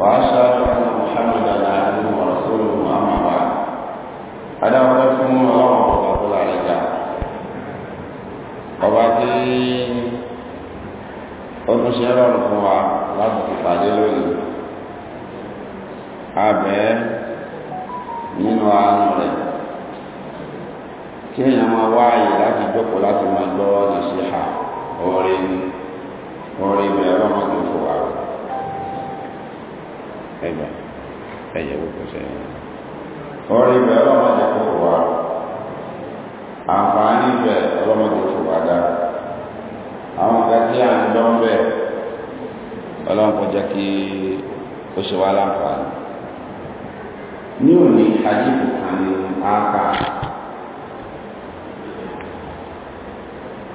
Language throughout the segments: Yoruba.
وأشهد أن محمدا عبده ورسوله أما بعد أنا أقسم الله وأقول عليك وبعدين المشير الرفوع لابد تعليل أبي من وعن كي kéèyàn máa wá àyè láti jókòó láti máa gbọ́ nàṣíhà orin orin ẹgbà ẹyẹ gbogbo sẹ́yìn orí ibẹ̀ ọlọ́mọdé kò wá àǹfààní ibẹ̀ ọlọ́mọdé kò wá dá àwọn kan tí à ń lọ ń bẹ̀ ọlọ́run kò jẹ́ kí ó ṣe wá láǹfààní ní òní àjíbù kan ní áká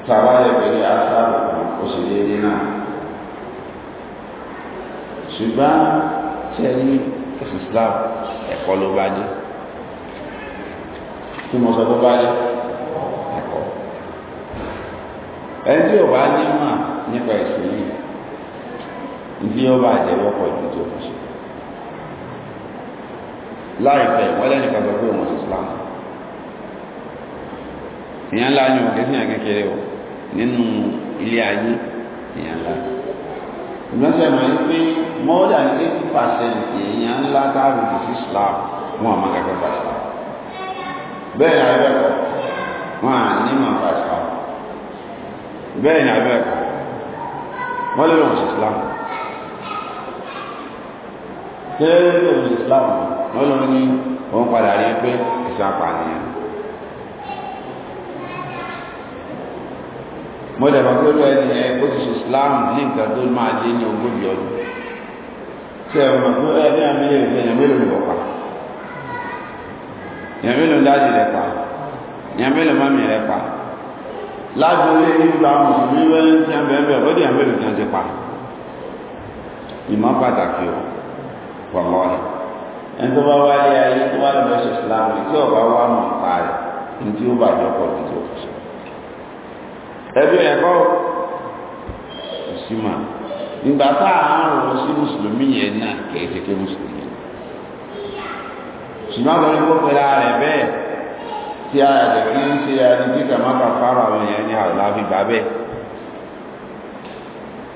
tàbáyé pẹ̀lú asáàbù kan náà ṣùgbọ́n sẹ́rí ẹ̀sìn Islam ẹ̀kọ́ ló bá dé tí mo sọ tó bá dé ẹ̀kọ́ ẹni tí ò bá ní mà nípa ẹ̀sìn yìí ìdí ọba àjẹwọ́ pọ̀ ju tí o kò ṣe láìpẹ́ wọ́n lẹ́nìkan sọ pé òun sí Islam èèyàn ńlá ni òkè síyàn kékeré o nínú ilé ayé èèyàn ńlá ìgbésẹ̀ mọ̀ ní pé mọ́ọ́dà ní percent èèyàn ńlá dáhùn sí Islam wọn àmọ́ gẹ́gẹ́ bá Islam bẹ́ẹ̀ ni abẹ́kọ̀ wọn à ní mọ̀ bá Islam bẹ́ẹ̀ ni abẹ́kọ̀ wọ́n lè lọ́wọ́ sí Islam kí lè lọ́wọ́ sí Islam wọ́n lọ́wọ́ ní òun padà rí pé ẹ̀sìn apànìyàn mo dẹ̀ mọ̀ pé ẹni ẹ ó ti ṣe Islam ní nǹkan tó máa lé ní ogójì ọdún ṣe ẹ̀rọ mọ̀ pé ẹ̀rí àmìlẹ̀ òfin èèyàn mélòó ni wọ́pa èèyàn mélòó dáàdì rẹ̀ pa èèyàn mélòó mọ́mì rẹ̀ pa lágbóolé nígbà mùsùlùmí wẹ́n tí a bẹ̀rẹ̀ bẹ̀rẹ̀ lọ́dí àmì ìrìn tí pa ìmọ̀ pàtàkì ò pọ̀lọ́ rẹ̀ ẹni tó bá wáyé ayé tó wá lọ́dọ̀ ṣe islam rẹ̀ tí ọba wá mọ̀ pa rẹ̀ ní tí ó bà jọ pọ̀ ní tí ó fi ṣe ẹbí ẹ̀kọ́ kò sí mà ìgbà tá à ń rọ sí mùsùlùmí yẹn náà kìí ṣe pé mùsùlùmí ṣùgbọ́n àwọn ẹgbẹ́ pẹ̀lú ààrẹ bẹ́ẹ̀ tí a rẹ̀ kí ń ṣe ẹni tí kà má kà fárá àwọn èèyàn ní àwọn láfi gbà bẹ́ẹ̀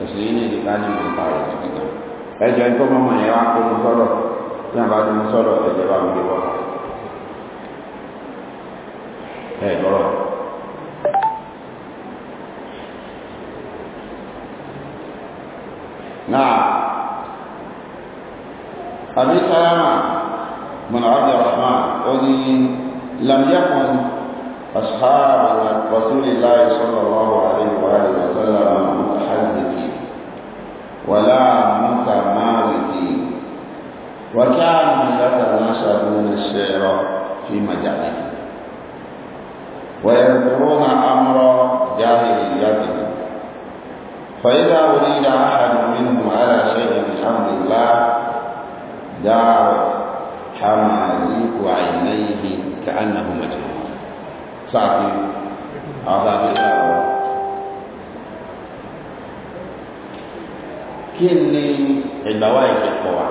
ẹ̀sìn yìí ní ìdíkà ní ìwọ̀n pa rẹ̀ títí kan ẹjọ́ ẹni tó yẹn wá kó mu sọ́dọ̀ tí wọ́n bá ti mu sọ́dọ̀ ẹ̀jẹ̀ bá mi gbé wọ́n ẹ̀ نعم أبي سلامة من عبد الرحمن قولي لم يكن أصحاب رسول الله صلى الله عليه وآله وسلم متحدثين ولا متمالكين وكانوا يتناشدون الشعر في مجالهم ويذكرون أمر جاهليتهم فإذا أريد أحد على شيء بحمد الله دار حماليك عينيه كأنه مجنون صعبي عذاب الله kí ni ìgbàwá ìfẹ́ kọ́ wa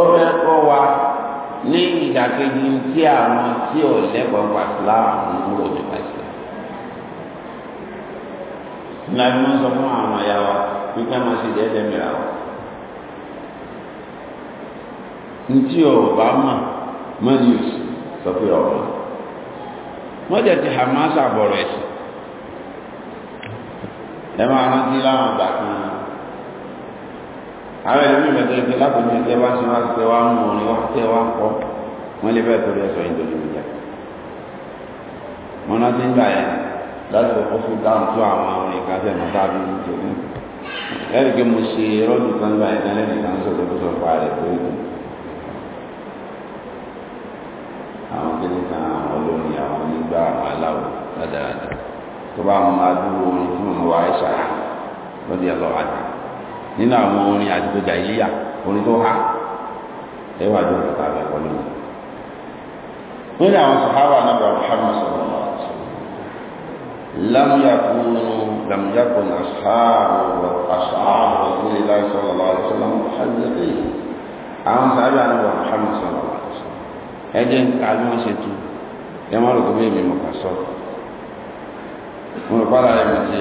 ọbẹ̀ kọ́ wa ní ìdàkejì tí àwọn tí ò lẹ́kọ̀ọ́ pa Islam ń rò nípa Islam. ìlànà sọ fún àwọn ọmọ ya wa bí ká máa ṣe dẹ́dẹ́ mìíràn wa. ntí ọba mà manius sọ pé ọba wọ́n jẹ́ ti Hamas àbọ̀rọ̀ ẹ̀sìn ẹ máa rántí láwọn àgbà kan àwọn ẹlòmíì mẹ́tọ́ ìpè lápòjú ìtẹ́ wá sí wá tẹ wá mú orin wá tẹ wá kọ́ wọ́n lè bẹ́ẹ̀ torí ẹ̀sọ́ yìí torí ìjà mọ́nà tí ń gbà yẹn láti kọ́kọ́ fún dáhùn tó àwọn kásẹ̀ mọ́ tàbí tó ní. ẹ̀rí pé mo ṣe rọ́ọ̀dù kan gbà ẹ̀ka lẹ́nu kan sọ̀rọ̀ tó sọ̀rọ̀ pa rẹ̀ pé àwọn kí ní kan àwọn olórin àwọn onígbà àwọn aláwọ̀ dáadáa tó bá wọn máa dúró orin fún ọmọ wa ẹ̀ṣà lọ́dí ẹ̀ àti nínú àwọn orin àdìgbòjà ìlíyà orin tó há ẹwà ló ń ta ẹ̀kọ́ lónìí. nínú àwọn sàhábà náà bá Muhammad sọ̀rọ̀ lọ́wọ́ sọ̀rọ̀ lámúyà kúrú لم يكن أصحاب أصحاب رسول الله صلى الله عليه وسلم محدثين àwọn sábà ní wọn Muhammad sọlọ wà lọsọ ẹ jẹ àbí wọn ṣe tu ẹ má rò tó bẹ́ẹ̀ mi mọ kà sọ mo rò pàdà rẹ mi ti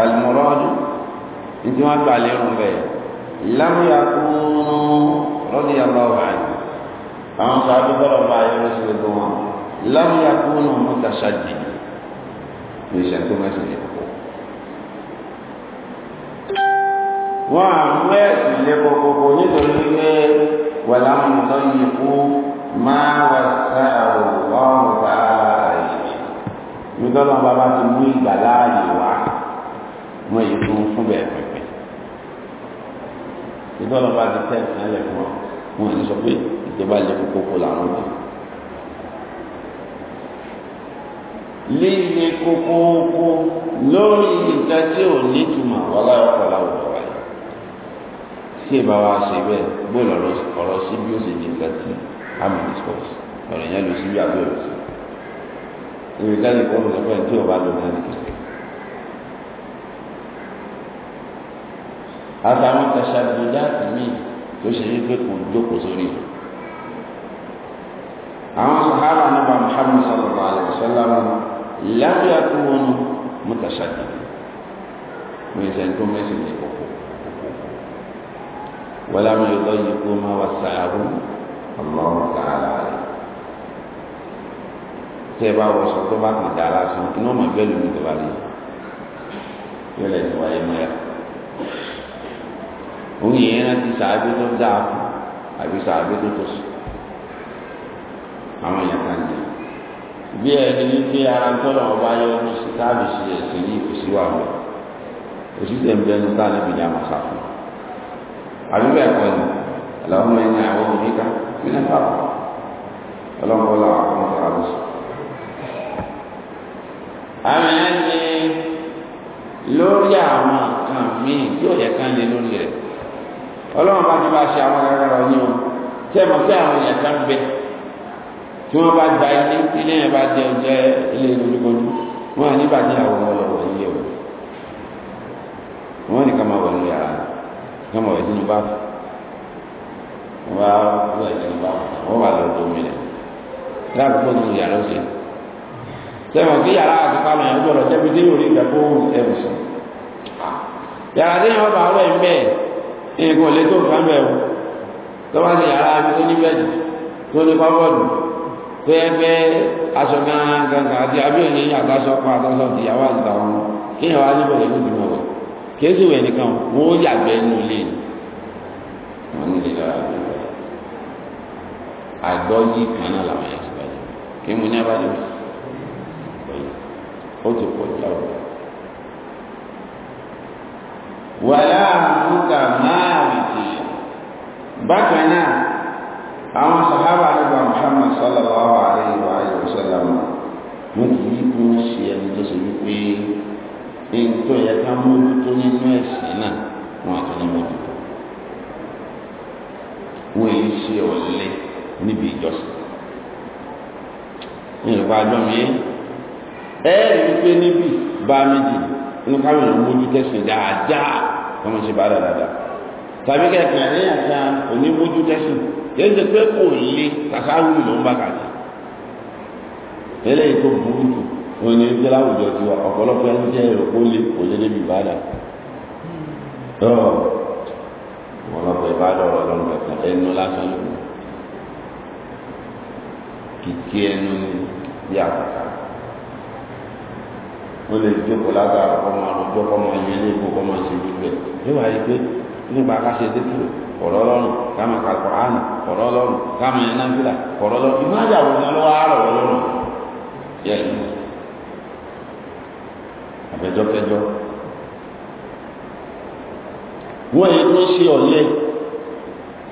alimọrọdù ntí wọn gbà lérò ń bẹ lámúyà kúnnú rọdí aláwọ àyè àwọn sábà bọlọ bá ayé wọn sí gbogbo wọn lámúyà kúnnú mọtàṣájì ní ìṣẹ̀ntó mẹsìlẹ̀ wọn àmú ẹ̀sìn lé kókókó nítorí wípé wà láwọn tó yẹ kú máa wà sáàrò ọrùn bá yìí nítorí wọn ti mú ìgbà láàyè wá wọn yìí tó fún bẹ́ẹ̀ pẹpẹ nítorí wọn ti tẹ ẹsẹ̀ lẹ fún wọn wọn sọ pé ìjọba lé kókókó làwọn jẹ. líle kókókó lórí nǹkan tí wọlé ọ̀pọ̀lọpọ̀ tí ìbá wa ṣe bẹ́ẹ̀ gbọ́dọ̀ ọ̀rọ̀ sí bí ó ṣe di nǹkan tí a mọ̀ discuss ọ̀rọ̀ yẹn lọ sí bí àbí ọ̀rọ̀ sí. ìwé kẹ́lí kọ́ ọ̀rọ̀ pẹ̀lú tí ọba lọ náà nìkan. àtàwọn tẹ̀sàdúdá tìmí tó ṣe wípé kò jókòó sórí rẹ̀. àwọn sàhárà nípa Muhammad sallallahu alayhi wa sallam lábẹ́ àkúwọ́nù mọ́tàṣàdì. mo ń sẹ́ni mẹ́sìn ní kọ̀kọ̀. ولا ما يضيق ما وسعه الله تعالى عليه tẹ bá wọṣọ tó bá kàn dá lásán iná ọmọ ẹgbẹ́ lómi tó bá rí yóò lẹ ti wáyé mọyà òun yìí rántí sàábí tó dáa fún àbí sàábí tó tó sùn àwọn èèyàn kan jẹ bí ẹni wípé ara ń tọ́lọ̀ ọba yọ ní sáàbì sí ẹ̀sìn yìí kò sí wà wọ́n òṣìṣẹ́ ń bẹnu tá níbi ní àmàṣà fún àdúgbò ẹ̀kọ́ ni aláwọ̀ ẹni àwọn oníkà nílẹ̀ pàpà ọlọ́mọlá àwọn àrùsọ. àmì ẹni lórí àwọn kan míì tí ò yẹ ká lé lórí rẹ̀ ọlọ́run bá ti bá ṣe àwọn arára ní o tẹ́ mọ̀ sí àwọn èèyàn kan bẹ tí wọ́n bá gba ilé ilé yẹn bá jẹ jẹ ilé ìlúgbọ́dú wọn à nígbà tí àwọn ọmọ lọ wọ̀ ilé o nìkan máa wọ̀ ní yàrá kama wẹ̀ sínú báàfù wọ́n bá wẹ̀ sínú báàfù wọ́n bá lọ tó mìíràn láti pọ̀ nínú yàrá òsè sẹ́wọ̀n kí yàrá àti pálọ̀ yẹn gbọ́dọ̀ jẹ́bi tí yóò rí ìgbà kó ẹ̀rù sùn yàrá tí yẹn wọ́n bá wẹ̀ mẹ́ẹ̀ nǹkan lè tó nǹkan mẹ́ẹ̀ o tó bá yàrá ibi tó ní bẹ́ẹ̀dì tó ní pápọ́ọ̀dù tó yẹ pé aṣọ gangan àti abíyẹ̀yẹ àtàṣọ pa àtàṣọ tìyàwó àti tàwọn kí yẹn wá kéésì wẹ̀ nìkan wọn ó yàgbẹ́ nù lé wọn ní lílọ àgbẹ̀ àgbọ̀ yìí kan náà làwọn yẹn ti bàjẹ́ kí mo ní abájọ́ ó ti pọ̀ jù àwọn. wàlá àmúkà máàlìkì bákan náà àwọn sàhábà nígbà Muhammad sallallahu alaihi wa sallam wọn kì í kún ṣe ẹni tó ṣe wípé ètò yẹ ká mójútó nínú ẹ̀sìn náà wọn àtún ní mójútó wọn èyí ṣe ọ̀lẹ níbi ìjọsìn ní ìrọ̀pá àjọ mi ẹ rí wípé níbi bá méjì inú káwọn èèyàn mójútó ẹ̀sìn dáadáa wọn ṣe bá dáadáa tàbí kẹkàn ẹ̀yà kan òní mójútó ẹ̀sìn yẹn ti pé kò le tàṣáwù ló ń bá kàkiri eléyìí tó burú jù òun ni jẹ́ láwùjọ ti wà ọ̀pọ̀lọpọ̀ ẹni jẹ́ èrò kó lè kò lé débi ìbàdàn hmm. ọ̀pọ̀lọpọ̀ ìbàdàn ọlọ́run kankan ẹnu lásán ló ní kìkì ẹnu ni bí àkàkà ó lè jókòó látara kọ́ máa rọjọ́ kọ́ máa yẹ léèkó kọ́ máa ṣe gbígbẹ́ yóò wáyé pé nípa káṣe dékìlò ọ̀rọ̀ ọlọ́run káma kàkọ́ àná ọ̀rọ̀ ọlọ́run káma ẹ̀ náà fìlà ọ̀rọ̀ ọlọ́run ìmájà wò ni ọlọ́wọ́ àárọ̀ ọlọ́run yẹ kẹjọkẹjọ wọ́n yìí tó ń ṣe ọ̀lẹ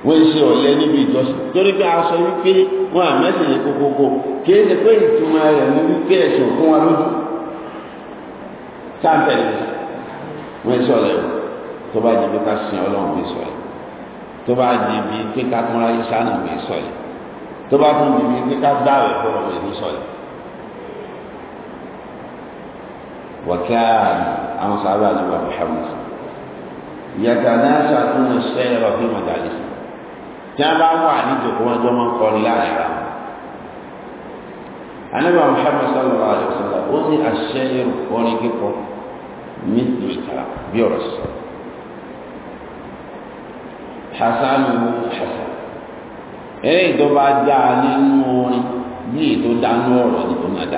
wọ́n ń ṣe ọ̀lẹ níbi ìjọsìn torí pé aṣọ wípé wọ́n àmẹ́sìn kókókó kìí ṣe pé ìtumọ̀ rẹ̀ ní wípé ẹ̀sùn fún wa lójú sáńtẹ̀lì wọ́n ń ṣe ọ̀lẹ o tó bá di bí ká sin ọlọ́run bí sọ yìí tó bá di bí pé ká tún ráyé sáà nà bí sọ yìí tó bá وكان عن صحابة أبو محمد يتناسقون السير في مجالسهم تابع وعلي جوكما جوما قول لا إحرام أنا محمد صلى الله عليه وسلم أوزي السير ونكيكم مثل الكلام بيورس حسن حسن إيه دو بعد دعني نوري دي دو دعني نوري دو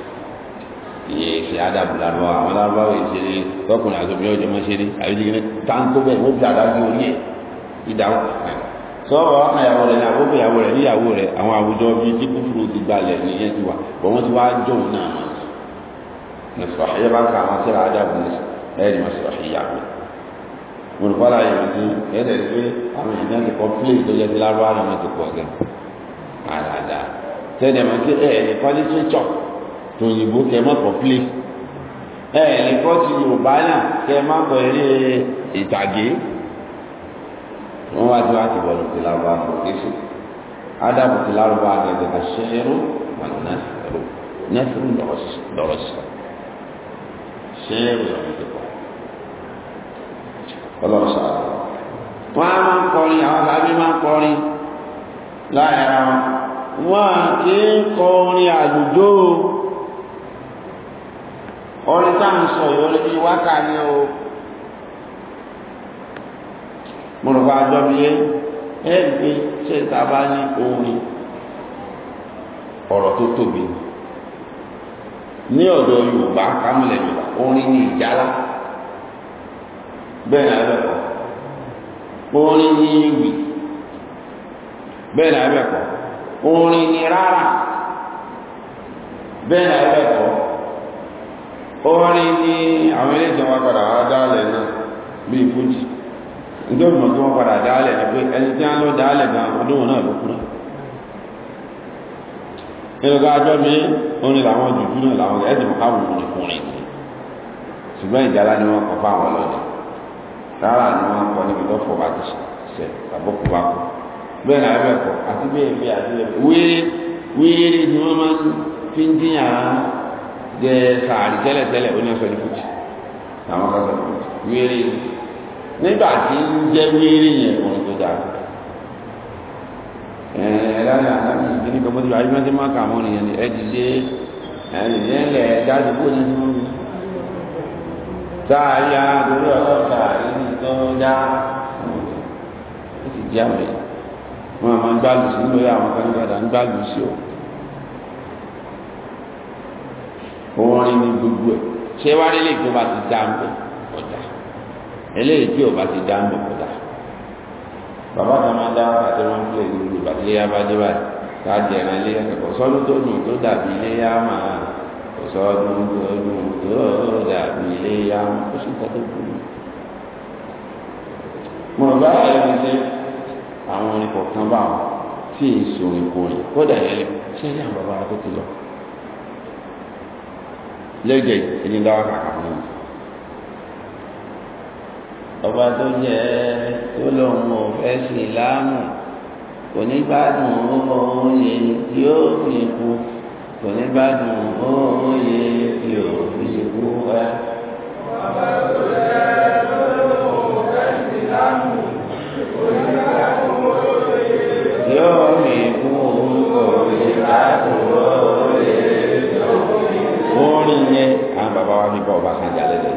ṣe àdàbò lárúbáwá àwọn lárúbáwá yìí ṣeré tọkùnrin àti obìnrin ọjọ́ máa ṣeré àbíjìkiri táǹkó bẹ́ẹ̀ wọ́n fi àdájú orí ẹ̀ ìdáhùn sọ́ọ̀bù àwọn àyàwó rẹ̀ ní àkókò ìyàwó rẹ̀ níyàwó rẹ̀ àwọn àwùjọ bíi tí kúfùrù ti gbalẹ̀ nìyẹn ti wà bọ̀ wọ́n ti wá jóun náà mọ̀ nìsọ̀ ẹ̀yẹ bá ń ka àwọn síra àdàbò nìsọ̀ ẹ̀yẹ ni wọ́n sọ̀rọ̀ ìyàwó olùkọ́lá yẹn ti ẹ̀ẹ́dẹ̀ rí pé àwọn tó yẹ ni wọ́n ti pọ̀ gan àràdà tẹ́lẹ̀ mọ́ kẹ́ mọ́ kọ́ pílẹ̀sì ẹ lè kọ́ ti yorùbá náà kẹ má bọ̀ eré ìtàgé wọ́n wá tí wá ti bọ̀ lùtì lárúbá kò kí sí ádàbù ti lárúbá gẹ̀gẹ̀ àṣẹ́rú wọn nẹ́sìrú nẹ́sìrú lọ́rọ̀ sí ṣẹ́rú lọ́rọ̀ sí pọ̀ ọlọ́rọ̀ sáà wọ́n á máa ń kọrin àwọn sábẹ́ orin tá à ń sọ yìí orin bíi wákà ni o mo rò bá a jọ mi yé ẹ ẹ gbé ṣé ìta bá ní orin ọ̀rọ̀ tó tóbi ní ọ̀dọ̀ Yorùbá kámúlẹ̀ Yorùbá orin ní ìjálá bẹ́ẹ̀ ni abẹ́kọ̀ orin ní ìwì bẹ́ẹ̀ ni abẹ́kọ̀ orin ní rárá bẹ́ẹ̀ ni abẹ́kọ̀. orin ní àwọn ilé ìjọba padà wá dálẹ̀ náà bíi fújì nítorí mọ̀ tí wọ́n padà dálẹ̀ ni pé ẹni tí wọ́n lọ dálẹ̀ gan ọdún náà ló kúrò nígbà ajọ́ mi orin làwọn jùjú náà làwọn ẹ̀sìn mọ̀ káwọn òun nìkùnrin sí ṣùgbọ́n ìjàlá ni wọ́n kọ fáwọn ọlọ́dẹ rárá ni wọ́n kọ níbi tó fọ́ ti ṣẹ̀ bá bẹ́ẹ̀ àti bẹ́ẹ̀ àti bẹ́ẹ̀ ni wọ́n máa fi ń de jẹ́ sàárì tẹ́lẹ̀tẹ́lẹ̀ ó ní ọ̀sọ̀ ní fújì àwọn kọ́sọ̀ wéré nígbà tí ń jẹ́ wéré yẹn òun tó dáa ẹ̀ẹ́dáná àti ìdíní kan bóti ayé mẹ́tí máa kà mọ́ni yẹn ẹ ti dé ẹ̀yìn lẹ̀ dájú bó ní mọ́ mi sáàrí àgbórí ọ̀dọ́ sáàrí ní tọ́já ó sì jẹ́ àmì wọn àwọn gbàlù sí lórí àwọn kan gbàdá ń gbàlù sí o orin ní gbogbo ẹ̀ ṣé wá nílé tí o bá ti dá ń bẹ̀ ọ̀dà eléyìí tí o bá ti dá ń bẹ̀ ọ̀dà bàbá kan máa dá àti wọn kílẹ̀ gbogbo ìbàdíléyà bá dé báyìí ká jẹ̀rẹ̀ iléyà kẹ̀kọ́ sọ́dún tó dùn tó dàbí iléyà máa kò sọ́dún tó dùn tó dàbí iléyà máa kó sì tọ́tò kù. mo bá ẹni ṣe àwọn orin kọ̀ọ̀kan bá wọn tí èso orin kò rìn kódà yẹn ṣẹ́yà bàbá tó ti lọ lóde ẹni lọ́wọ́ kàkà fún mi. ọba tó jẹ́ tó lòun ò fẹ́ sí láàmù onígbádùn oòyè tí ó fi kú onígbádùn oòyè tí ó fi kú ẹ. ọba tó jẹ́ tó lòun ò fẹ́ sí láàmù onígbádùn oòyè tí ó fi kú onígbádùn. nípa ọba kan jà lẹ́lẹ̀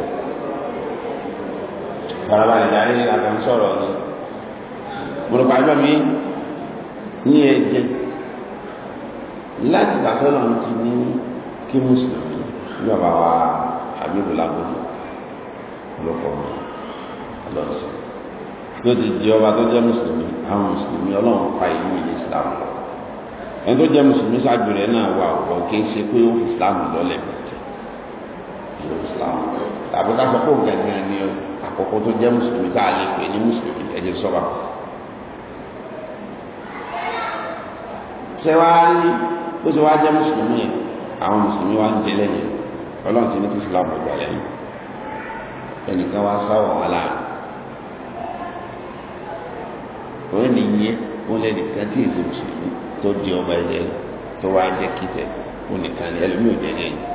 farabalẹ̀ darí ìlànà sọ̀rọ̀ ni gbọdọ̀pá ẹgbẹ́ mi ní ẹ̀jẹ̀ láti gbàtọ́nà ti ní kí mùsùlùmí ní ọba wa àbíbù lágbójú ọlọ́pọ̀ ọlọ́sọ̀ tó ti di ọba tó jẹ́ mùsùlùmí àwọn mùsùlùmí ọlọ́run pa ìlú ìlú islam lọ ẹni tó jẹ́ mùsùlùmí ṣáájú rẹ̀ náà wà ọ̀rọ̀ kì í ṣe pé ó fi islam lọ́lẹ̀ bí islam tàbí ká sọ pé òun gangan ni àkọ́kọ́ tó jẹ́ mùsùlùmí tá a lè pè ní mùsùlùmí ẹ̀jẹ̀ sọ́ba. sẹ́wárí bó ṣe wá jẹ́ mùsùlùmí yẹn àwọn mùsùlùmí wá ń jẹ lẹ́yìn ọlọ́run ti ní kí islam gbà lẹ́yìn ẹnìkan wá sáwọ̀ wọn láàrin òun ni yẹn wọn lé nìkan tí èsì mùsùlùmí tó di ọba ẹ̀jẹ̀ tó wá jẹ́ kíkẹ́ òun nìkan ni ẹlòmíì ò jẹ́ lẹ́yìn.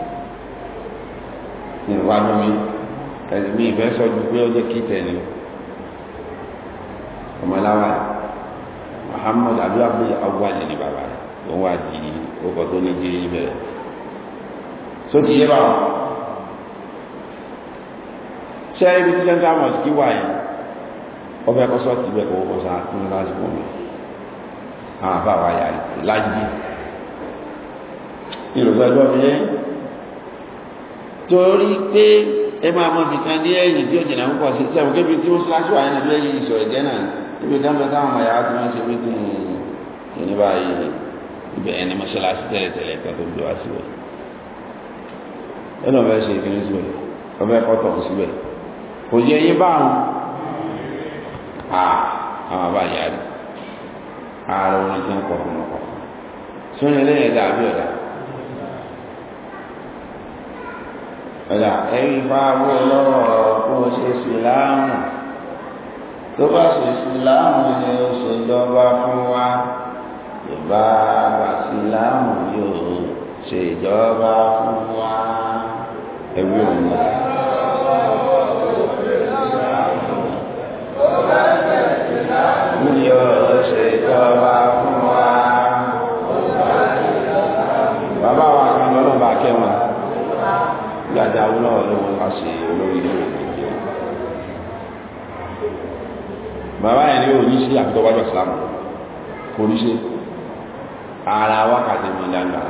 ní ìwà mímí ẹ̀sìmí ìfẹ́ sọ ju pé ó jẹ́ kí tẹ̀lé ọmọláwà Muhammad abu abu awali ni bàbá òun wà di ọkọ̀ tó ní jírí bẹ̀rẹ̀ só ti yé bá wọn ṣe ibi tí central mosque wà yìí ti bẹ̀ kọ́wọ́ kọ́sọ́ àtúnú lásìkò mi àwọn àbáwá yà láyé torí pé ẹ máa mọ bìkan ní ẹ̀yìn tí ó jìnnà púpọ̀ sí sẹ́wọ̀n kébi tí wọ́n wà nínú ẹ̀yìn ìṣọ̀ ẹ̀jẹ̀ náà níbi dáńbẹ́ táwọn ọmọ yàrá tí wọ́n ṣe wípé ìní báyìí ni ibẹ̀ ẹni mọ́ṣáláṣí tẹ́lẹ̀tẹ́lẹ̀ kan tó gbé wá síbẹ̀ ẹnà ọ̀fẹ́ ṣe ìkíní síbẹ̀ ọ̀fẹ́ kọ́tọ̀ síbẹ̀ kò yẹ yín báwọn àwọn àbáyá rẹ̀ ààrẹ orin tí wọ́n kọ̀ fún ọkọ̀ sóyún ẹlẹ́yìn ẹ̀dá àbí ọ̀dà ẹ̀rí fáwọn lọ́rọ̀ kó o ṣe ìsìláàmù tó bá ṣe ìsìláàmù ni ó ṣe ìjọba fún wa ìbá ìsìláàmù yóò ṣe ìjọba fún wa ẹ̀rí òun. Ní yóò ṣe ìjọba fún agbada awúláwọ̀ ló wọ́n pàṣẹ olórí ilé ìwé nàìjíríà bàbá yẹn ni ó ní sí àfikọ́ bá ìsìlámù kò ní ṣe ara wákàtí mi dáńgá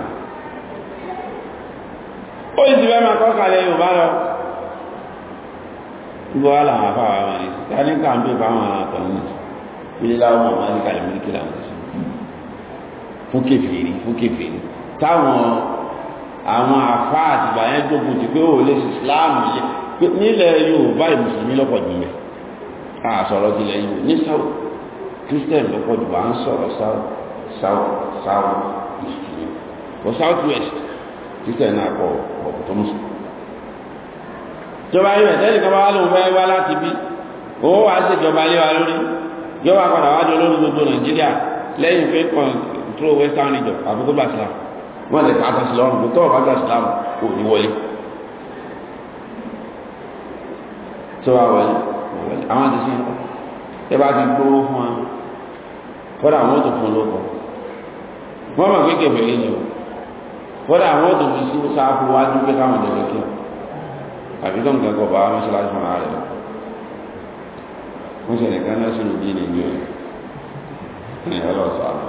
ó sì fẹ́ máa kọ́kàlẹ̀ yorùbá lọ gbogbo wa làwọn afáwà wọn ni ta ní kàńpé fáwọn àtọ̀hún ilé láwọn ọmọ ní kàlẹ̀ mílíkì làwọn ti sọ fún kèfèrí fún kèfèrí táwọn àwọn àfa àtìgbà yẹn gbógun ti pé ó lè ṣe islam yìí pé nílẹ̀ yorùbá ìmùsùlùmí lọ́pọ̀ jù yẹn a sọ̀rọ̀ tilẹ̀ yìí ní sáwọ́ christian lọ́pọ̀ jù wà ń sọ̀rọ̀ sáwọ́ sáwọ́ sáwọ́ mùsùlùmí for south west christian náà kọ̀ ọ̀pọ̀ tó mùsùlùmí. ìjọba yìí bẹ̀tẹ́ nìkan bá wà lóun fẹ́ wá láti bí owó wàá ṣèjọba lé wa lórí ìjọba padà wájú olórí gbogbo nàìjíríà lẹ́yìn fẹ́ control western region àbúkú bàtìlá wọ́n lè tààtà sílámù kò tọ́ ọ̀bá gbà sílámù kò ní wọlé tó wà wọlé wọlé àwọn àti sí ẹ bá ti gbówó fún wa kọ́dà àwọn ò tó fún lóko wọ́n mọ̀ pé kẹfẹ́ ní o kọ́dà àwọn ò tó fi sí sáàpù wájú pé káwọn lè lókè àbí tó nǹkan kọ̀ bá mọ́ṣáláṣí fún ara rẹ̀ wọ́n ṣẹlẹ̀ kan náà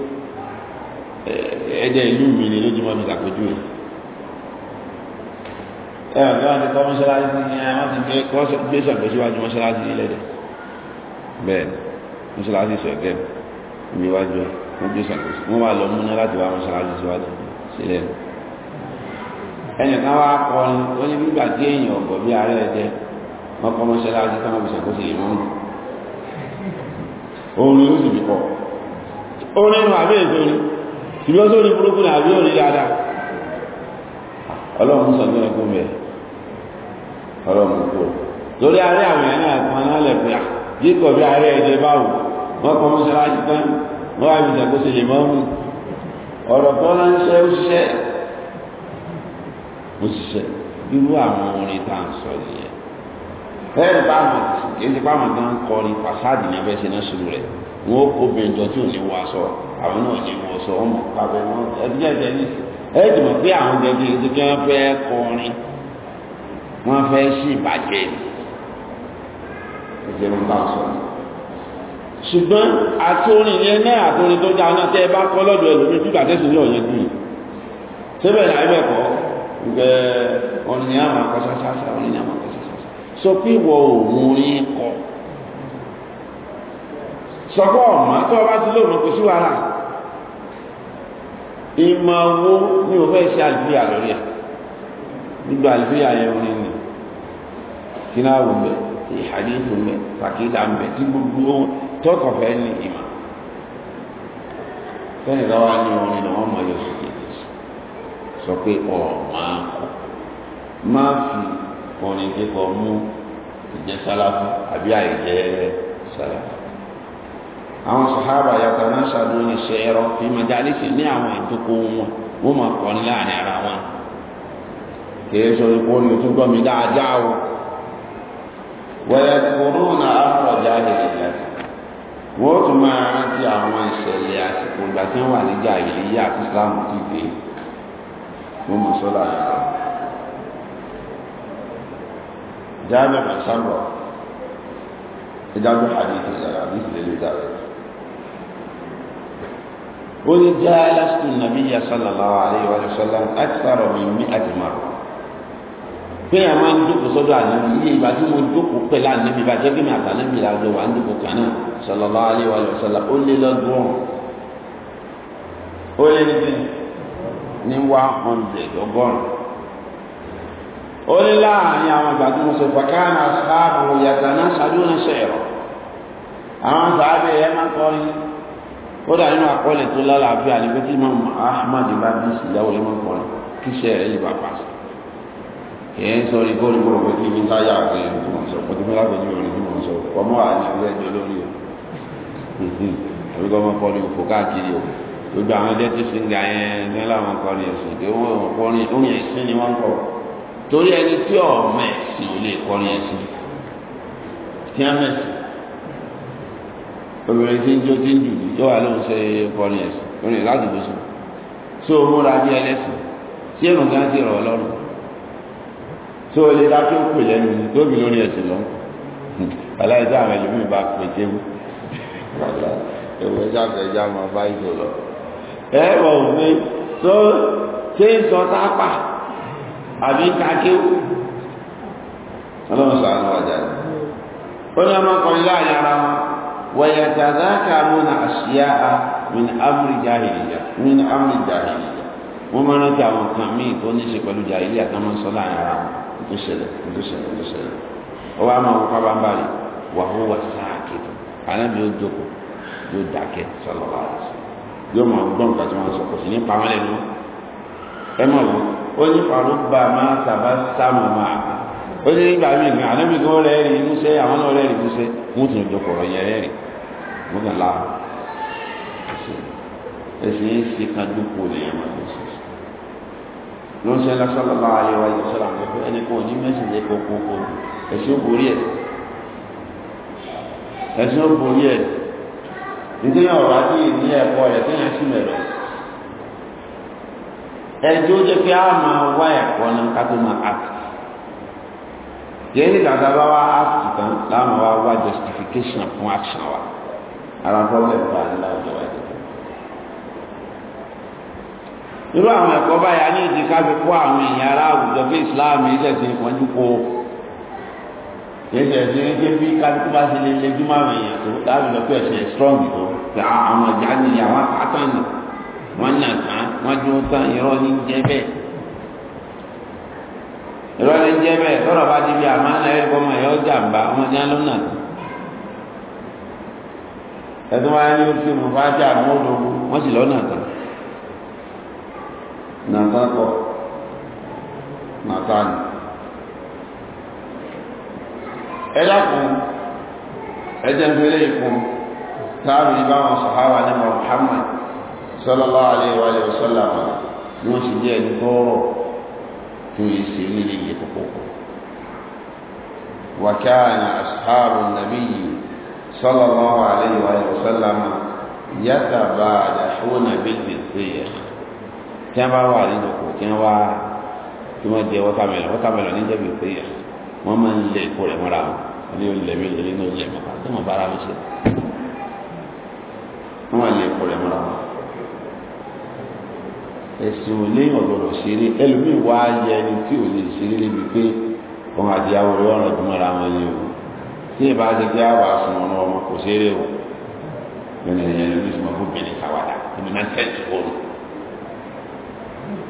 ẹ̀jẹ̀ ìlú mi ni lójúmọ́ mi làpéjú rẹ̀ ẹ ọ̀gá wọn ti kọ́ mọ́ṣáláṣí ní ẹ wọ́n ti gbé kọ́ṣọ́ gbé sọ̀gbẹ́ síwájú mọ́ṣáláṣí ilẹ̀ dẹ̀ bẹ́ẹ̀ mọ́ṣáláṣí sọ̀gẹ́ níwájú wọ́n gbé sọ̀gbẹ́ wọ́n wà lọ múná láti wá mọ́ṣáláṣí síwájú sílẹ̀ ẹnìkan wá kọ́ ni ó ní gbígbà tí èèyàn ọ̀gbọ̀ bí ààrẹ ẹ̀jẹ̀ wọ́n kọ́ mọ́ṣáláṣí táwọn fi ṣàkóso ìmọ̀ọ́nù orin ó sì fi kọ́ orin nù àbẹ́ ṣùgbọ́n tó ní burúkú náà àbí òní dáadáa ọlọ́run sọ ní ẹkún mi ẹ̀ ọlọ́run kú lórí ààrẹ àwọn ẹ̀ náà kan náà lẹ̀ pé jíkọ̀ ah, bí ààrẹ ẹ̀dẹ̀ báwò wọ́n kọ́ mọ́ṣáláṣí tán wọ́n wá ìbùsà kó ṣe lè mọ́ mú ọ̀rọ̀ tó ń ṣe ó ṣiṣẹ́ ó ṣiṣẹ́ irú àwọn orin tá à ń sọ nìyẹn bẹ́ẹ̀ bá àwọn kì í kọrin pàṣáàdì ní abẹ́sẹ̀ náà ṣubú rẹ̀ wọ́n kó bẹ̀ǹjọ tí ò ní wọ aṣọ àwọn náà ti wọ̀ sọ ọmọ pàbẹ wọn ẹdíjẹ ìdẹni ẹ ti pé àwọn gẹ́gẹ́ ẹni kí wọ́n fẹ́ kọrin wọ́n fẹ́ sí ìbàjẹ́ ẹ̀jẹ̀ ló ń bá sọ. ṣùgbọ́n àtòrin yẹn náà àtòrin tó dáa náà tẹ́ ẹ bá kọ́ lọ́dọ̀ ẹlòmíì bí gbàdẹ́sì ní ọ̀yẹ́ dùn síbẹ̀ láì bẹ̀ kọ́ gbẹ ọ̀nì àmà kọ́sásásá ọ̀nì àmà kọ́sásásá sọ pé ìwọ òun orin kọ́ tó o bá ti lóun kò sí wàhálà ìmọ̀ owó ní o fẹ́ ṣe àlùfíà lórí à gbogbo àlùfíà yẹn wọn ni kínáwó mẹ ìhàdíìtò mẹ sàkídà mẹ tí gbogbo tọkọfẹ ní ìmọ̀ fẹ́ni lọ́wọ́ ní orin náà wọ́n mọ̀ yóò sì kéde sọ pé ọ̀ máa kọ̀ máa fi orin kíkọ mú ìjẹ́ àbí àìjẹ́ sáláfù. àwọn sahaba yàtọ̀ náà ṣàdúró ní ṣe ẹ̀rọ fi majalisi ní àwọn ìjókòó wọn wọ́n máa kọ́ ní láàrin ara wọn kìí sọ̀rọ̀ kó ní tún gbọ́ dáadáa o wẹ́rẹ́ kúrú na afọ jáde ìyá wọ́n tún máa rántí àwọn ìṣẹ̀lẹ̀ àsìkò ìgbà tí wà ní àti Islam ti dé wọ́n mọ̀ ó ní jalastu nabiyya sallallahu alayhi wa sallam akthara min mi'ati marra pé a máa ń jókòó sọ́dọ̀ ànábi iye ìgbà tí mo jókòó pẹ̀lú ànábi bá jẹ́ pé mi àtànábi la lọ wà ń jókòó kan náà sallallahu alayhi wa sallam ó lé lọ́gbọ̀n ó lé níbi ní one hundred ọgọ́rùn-ún ó ní láàrin àwọn ìgbà tí mo sọ fàkánà ashabu yatanashaduna shi'ra àwọn sàábẹ̀ ẹ̀ máa ń kọrin kódà nínú àkọọ́lẹ̀ tó lálàáfíà ni pé tí imam ahmad bá bí ìyàwó lè mọ̀ kọ́ kí iṣẹ́ rẹ̀ lè bá pàṣẹ. kìí ń sọ orí bóòlù bó pé kí ní táyà àti ìrìn tí wọ́n sọ pé tí wọ́n lágbèjì ìrìn tí wọ́n sọ ọmọ wa ní o àbí kọ́ o gbogbo àwọn ẹgbẹ́ tí singa yẹn ní láwọn kọrin ẹ̀sìn pé wọ́n kọrin orin ẹ̀sìn ni wọ́n kọ torí ẹni tí ọ̀ọ́ mẹ́ẹ̀sì ò lè obìnrin tí ń jó tí ń jù yóò wà lóun ṣe kọrin ẹ̀sìn orin láti bó sùn so múra bí ẹlẹ́sìn tí èrò gan sì rọ̀ ọlọ́run so ilé dákí ó pè lẹ́nu ní tóbi lórí ẹ̀sìn lọ́n aláìsí àwọn ẹlòmíì bá pè kéwú ẹ̀wọ̀n ṣàfẹ́jà máa bá ìṣò lọ ẹ wọ̀ pé so ṣé ń sọ sápà àbí kakéwú ọlọ́run sọ àwọn ọjà ó ní ọmọkùnrin láàyè ara wọn wayatazakaruna asiyaa min amri jahiliya min amri jahiliya wọ́n máa rántí àwọn kan míì tó ní í ṣe pẹ̀lú jahiliya tó máa ń sọ láàrin ara wọn tó ṣẹlẹ̀ tó ṣẹlẹ̀ tó ṣẹlẹ̀ ọba máa wọ pápá báyìí wà ó wà sáàkì alábi ó jókòó yóò dákẹ́ sọlọ wà á sí yóò máa gbọ́ nǹkan tí wọ́n sọ kò sí ní pamọ́ lẹ́nu ẹ mọ̀ wọ́n ó ní pàrọ̀ bá máa sábà sáàmù máa ó ní nígbà míì gan alábi gan rẹ̀ rí inú sẹ́ àwọn náà rẹ̀ rí inú sẹ́ wọ́n tún jọ kọ̀rọ̀ yẹn rẹ́rìn wọ́n kàn láàrú ẹsẹ̀ yẹn ṣe kan dúpọ̀ lèyàn máa ń sọ ló ń ṣe lásánà bá ayé wa yìí sọ́la àgbẹ̀ pé ẹnì kan ò ní mẹ́sìn lé kókókó ẹ̀sìn ó borí ẹ̀ ẹ̀sìn ó borí ẹ̀ nítorí ọ̀rọ̀ àti ìní ẹ̀kọ́ rẹ̀ kéèyàn sì mẹ̀rọ ẹjọ́ jẹ́ pé a máa wá ẹ̀kọ́ náà ká tó máa àkìtì yẹn ní gbàgbà bá wá áàtì tán láwọn wá wá justification fún action wa ara problem bá ní láwùjọ wa jẹ irú àwọn ẹ̀kọ́ báyà ní ìdí ká fi kó àwọn èèyàn ará àwùjọ fún Islam ilẹ̀ tí ń pọ́njú kó yẹsẹ̀ ẹ̀sìn ní kébí kálukú bá ṣe lè lejú máa wọ̀ èèyàn tó láti lọ pé ẹ̀sìn strong tó pé àwọn ọjà ni àwọn akátàn wọ́n yàn tán wọ́n dúró tán irọ́ ní jẹ́ bẹ́ẹ̀ ìrọ̀lẹ́ ń jẹ́ bẹ́ẹ̀ tọ́rọ̀ bá ti bí àmàlà ẹ̀rí kọ́ ọmọ ẹ̀yọ́ jàǹbá ọmọ ní alọ́nà tó ẹ̀tún wáyé ní òkè mú fájà mọ́ọ̀dọ́gbọ́ wọ́n sì lọ́nà tó nàtà kọ́ nàtà ni ẹ̀dá kún ẹ̀jẹ̀ ń fẹ́lẹ́ ní báwọn sàhábà ní Muhammad sallallahu alaihi wa sallam ni wọ́n sì jẹ́ ẹni tó rọ̀ تولي سيلي لحقوقه وكان أصحاب النبي صلى الله عليه وآله وسلم يتبادحون بالبطيخ tí wọ́n bá wà nínú ọkọ̀ tí wọ́n wá tí wọ́n jẹ wọ́tàmẹ́lọ̀ wọ́tàmẹ́lọ̀ ní jẹ́bi péyà wọ́n máa ń lé ikú rẹ̀ mọ́ra wọn ní olè mi lè nínú olè mọ́ra tí wọ́n bára wọn ṣe wọ́n máa ń lé ikú rẹ̀ mọ́ra ẹ̀sìn ò léyìn ọ̀gbọ̀dọ̀ ṣeré ẹlòmíì wá yẹ ẹni tí ò lè ṣeré lébi pé wọn àti awòrán ọ̀rọ̀ ọdún mọ́ra wọn ni o tí ìbá ṣe kí á wà sùn ọ̀nà ọmọ kò ṣeré o lẹ́nu ẹ̀yẹ ló fi máa fún bẹ̀rẹ̀ sàwádà ẹni máa ń tẹ̀sí fóònù.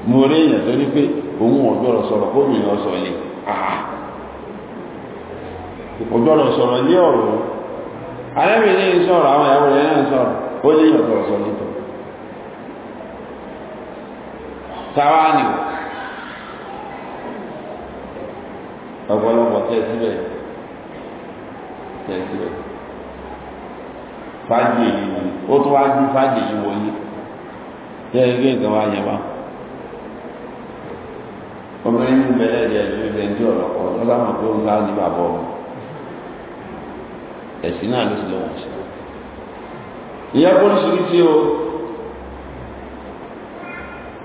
mo rí èèyàn tó ní pé òun ọ̀gbọ̀dọ̀ sọ̀rọ̀ fóònù yẹn sọ lé ọ̀gbọ̀dọ̀ sọ̀rọ̀ lé ọ̀rọ̀ alẹ́ mi ní sọ̀rọ̀ àwọn ìyàwó rẹ̀ náà sọ̀rọ̀ ó lé ọ̀gbọ̀dọ̀ sọ̀rọ̀ táwa ni o ọ̀pọ̀lọpọ̀ tẹ̀ síbẹ̀ fàájì èyí wọ̀nyí ó tún wá ju fàájì èyí wọ̀nyí tẹ́ ẹgbẹ́ nǹkan wá yẹn wá obìnrin ní bẹ̀rẹ̀ ẹ̀jẹ̀ ìlú ibẹ̀ ní ọ̀rọ̀ kọ́ ló bá pé ó ń ní bàbá ọmọ ẹ̀sìn náà ló sì lọ́wọ́ ṣe ìyá pólísìrì tí o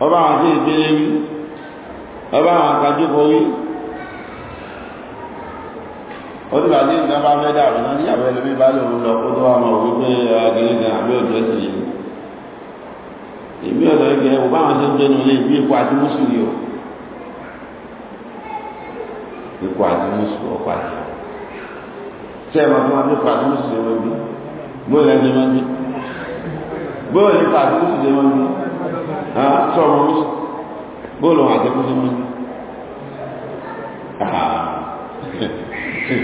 ọba àwọn tí ìgbélé ọba àwọn àkájókò ó ti bàjẹ́ nǹkan bá fẹ́ dàrú náà níyàwó ẹlòmí bá lòun lọ kó tó wà mọ̀ wípé agẹgẹgẹ àbí òjò sì yìí ìbí ọ̀dọ̀ ẹgbẹ́ ẹ̀wò báwọn ṣe ń gbénu lé ìbí ikú àti mùsù yìí o ikú àti mùsù ọkọ̀ àti tí ẹ̀ máa fún wọn ikú àti mùsù ṣe wọ́n bí bóyá ẹgbẹ́ máa bí bóyá ikú àti mùsù ṣe wọ́n bí. sọ ọmọ mi bọọlụ wọn àti ẹkún sí mi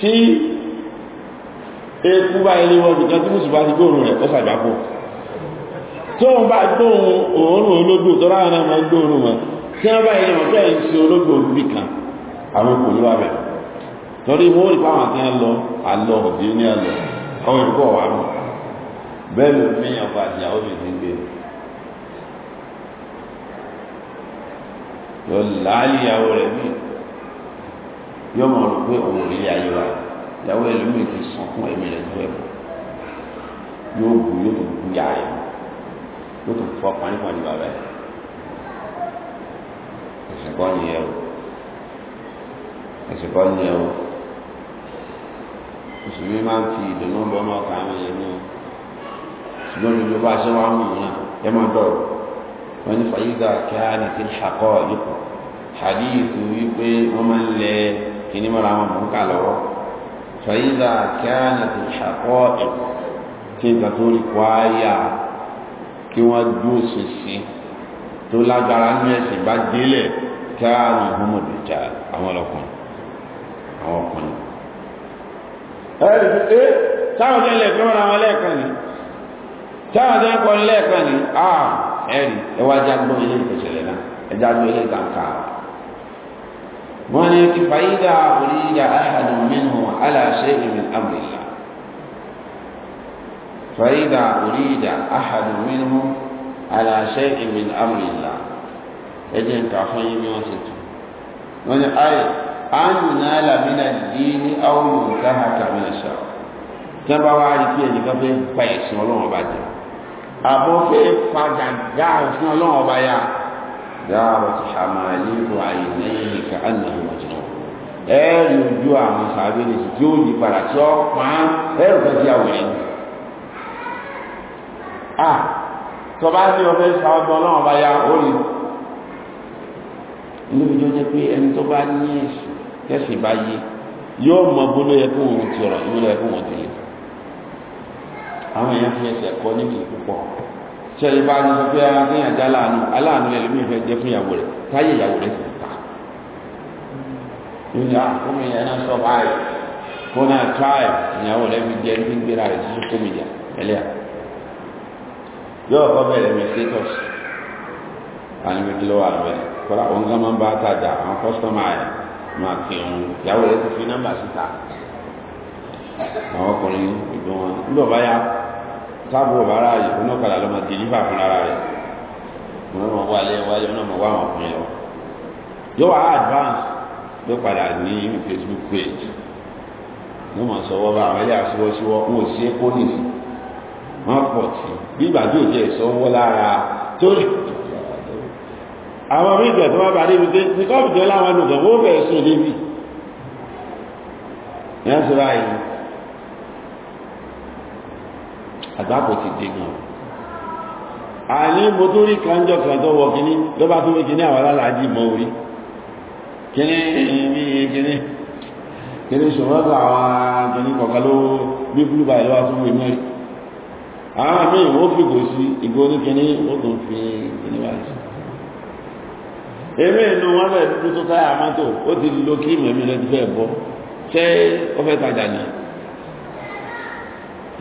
tí eku bá ilé wọn nìkan tí mùsùlùmí ti gbóòrùn rẹ̀ kọ́sà ìgbàpọ̀ tó ń bá gbóòrùn òórùn ológbò tó ráhùn náà gbóòrùn wọn tí wọ́n bá ilé wọn fẹ́ ṣe kan lọ alọ ní alọ wà bẹ́ẹ̀ ló yọ láàlì ìyàwó rẹ̀ mí yọ mọ̀ rò pé òun rí ayé wa ìyàwó ẹlòmíì ti sàn fún ẹ̀mí rẹ̀ tó ẹ̀kọ́ yóò bu yóò tó bu yà rẹ̀ yóò tó fọ panípaní bàbá rẹ̀ ẹ̀sìn kọ́ ni ẹ̀ o ẹ̀sìn kọ́ ni ẹ̀ o máa ń fi ìdùnnú lọ́mọ ọkàn àwọn ẹ̀mí o ṣùgbọ́n mi ló bá aṣọ wa mú un náà ẹ máa dọ̀rọ̀ wọ́n ní fàyídà kíáni ti ṣàkọ́ ìkù hadithu wípé wọ́n máa ń lẹ kíní mọ́ra wọn mọ́ ń kà lọ́wọ́ fàyídà kíáni ti ṣàkọ́ ìkù tí nǹkan tó rí kwáyà kí wọ́n dúró ṣinṣin tó lágbára ní ẹ̀sìn bá délẹ̀ kíáni ìhùmọ̀dùjà àwọn ọlọ́kùnrin àwọn ọkùnrin ẹ̀rì pípé táwọn tẹ́lẹ̀ fẹ́ràn àwọn lẹ́ẹ̀kan ni táwọn tẹ́lẹ̀ kọ́ lẹ́ẹ̀kan ni àà ah, ẹ̀rì ẹwà ajá gbọ́ ilé ìpẹ̀sẹ̀lẹ̀ náà ẹjá gbọ́ ilé ìtànkà wọ́n ní ti fàyídà oríyà ahàdù mẹ́nu aláṣẹ ìrìn àmìlá fàyídà oríyà ahàdù mẹ́nu aláṣẹ ìrìn àmìlá ẹjẹ́ nǹkan fún yín bí wọ́n ti tù wọ́n ní ayé àánú náà làmínà dínní àwọn òǹkà hàkà mẹ́ṣà tí wọ́n bá wá rí pé ẹnìkan fẹ́ gba ẹ̀sìn ọlọ́run bá jẹ́ àbọ̀fẹ́ padà dá òfin ọlọ́run ọba yá dáàbò ti ìbò àyìnlẹ́ yìí ká á nà ojú àwọn sàbẹ̀ lè tí ó yí padà tí ó ẹ̀rù kan à tọba ní ọfẹ́ sa ọlọ́run ọba ya ó rí jọ jẹ́ pé ẹni tó bá ní ẹ̀sùn kẹsì bá yé yóò mọ àwọn èèyàn fi ẹsẹ̀ kọ́ níbi púpọ̀ tí ẹ bá ní sọ pé ara ah, láàánú aláàánú ẹlòmíì fẹ́ jẹ́ fún ìyàwó rẹ̀ táyé ìyàwó rẹ̀ sì ta yóò ah, kọ́ bẹ̀rẹ̀ mi status alimikilọ́wọ́ àgbẹ̀ kọ́lá òun kan máa ń bá tajà àwọn kọ́sítọ́mà rẹ̀ máa fi òun ìyàwó rẹ̀ ti fi nọ́mbà síta àwọn ọkùnrin ìgbọ̀n wọn nígbà báyà táàbù ọ̀bá ara yìí fún ọ̀kadà lọ́mọ dìlífà fún ara rẹ̀ wọn náà wà lé wáyé wọn náà mọ̀ wá àwọn ọkùnrin lọ. yóò wá advance ló padà ní Facebook page wọ́n mọ̀ sọ́wọ́ bá àwọn ilé aṣíwọ́síwọ́ wọn ò sí epo nìsí wọ́n pọ̀ tí bí ìgbà tí ò jẹ́ ìsọwọ́ lára torí àwọn míì bẹ̀ tó wá bá débi pé ní kọ́ọ̀bù jẹ́ láwọn ẹnu gan wọ́n bẹ̀rẹ̀ sùn débi. ìyá sọ báyìí àgbákò ti dé gan àní mo tó rí kanjọ kan tó wọ kíní ló bá tó wé kíní àwọn alálàájì mọ orí kíní ní kíní kíní ṣùgbọ́n tó àwọn kíní kọ̀ọ̀kan ló bí búlù báyìí ló wá tó wé mẹ́rin àwọn míì wọ́n fi gò sí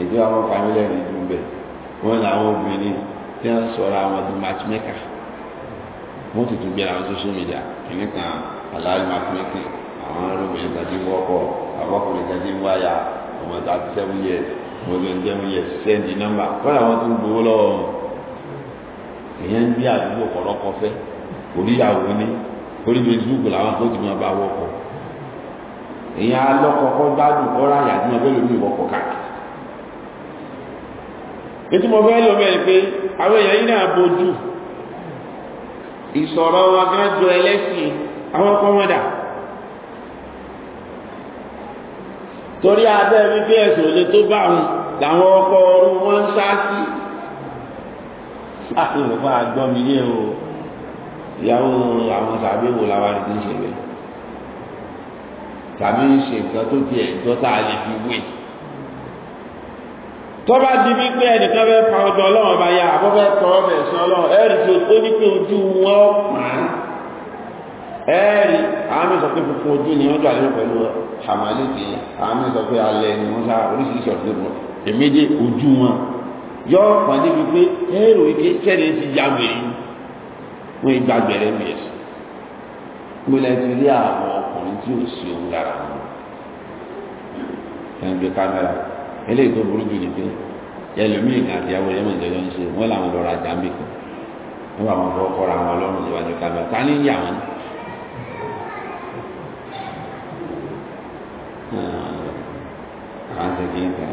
èdè wa mọ fàmílì ẹni dùn bẹ wọn làwọn obìnrin tí wọn sọ̀rọ̀ àwọn di matchmaker wọn ti tún gbé àwọn social media kìnnì kan aláàlú matchmaking àwọn arúgbìn kan ti wọkọ àbọkùnrin kan ti wáyà ọmọ thirty seven years ọmọ twenty seven years send number kọ́lá wọn tún gbowó lọ́wọ́ èèyàn ń gbé àdúgbò kọ̀ọ̀lọ́kọ̀ fẹ́ oríyàwó ní orí facebook làwọn tó ti máa bá wọkọ̀ èèyàn alọ́kọ̀ọ́kọ́ gbádùn kọ́ra àyàdúmọ̀ bẹ́ẹ̀ lómi ìwọkọ̀ káàkiri ètí mo fẹ́ lò mẹ́rin pé àwọn èèyàn yìí náà bojú ìsọ̀rọ̀ wọn gan jọ ẹlẹ́sìn àwọn kọ́mọ́dà torí abẹ́ wípé ẹ̀sùn òde tó bá wọn làwọn ọkọ̀ ọrùn wọn ń sá sí sáàtì òfà àgbọ́mi yé o ìyàwó àwọn tàbí wò láwa ní ṣe bẹ́ẹ̀ tàbí ṣe nǹkan tó ti ẹ̀jọ́ tá lè fi wé tọ́ba di wípé ẹnìkan fẹ́ fa ọjọ́ ọlọ́run ọba ya àbọ́fẹ́ tọ́ ọmọ ẹ̀sán ọlọ́run ẹ̀rì tí ó ní pé ojú wọn pàá ẹ̀rì àmì sọ pé funfun ojú ni wọ́n jọ àlejò pẹ̀lú hamaliti àmì sọ pé alẹ́ ni wọ́n sá oríṣiríṣi ọ̀dọ́ wọn èméje ojú wọn yọ pàdé wípé ẹ̀rọ ike kẹ́ni ti ya wèrè eléyìí tó burú jù ní pé ẹlòmíì àti àwọn ẹ̀yẹ́mọ̀ ìjọba ń ṣe wọ́n làwọn lọ́ra jàmbì kan wọ́n bá wọn fọwọ́ kọ́ra wọn lọ́rùn níwájú kábíyà ta ni yà wọn. àwọn sèkì ń kà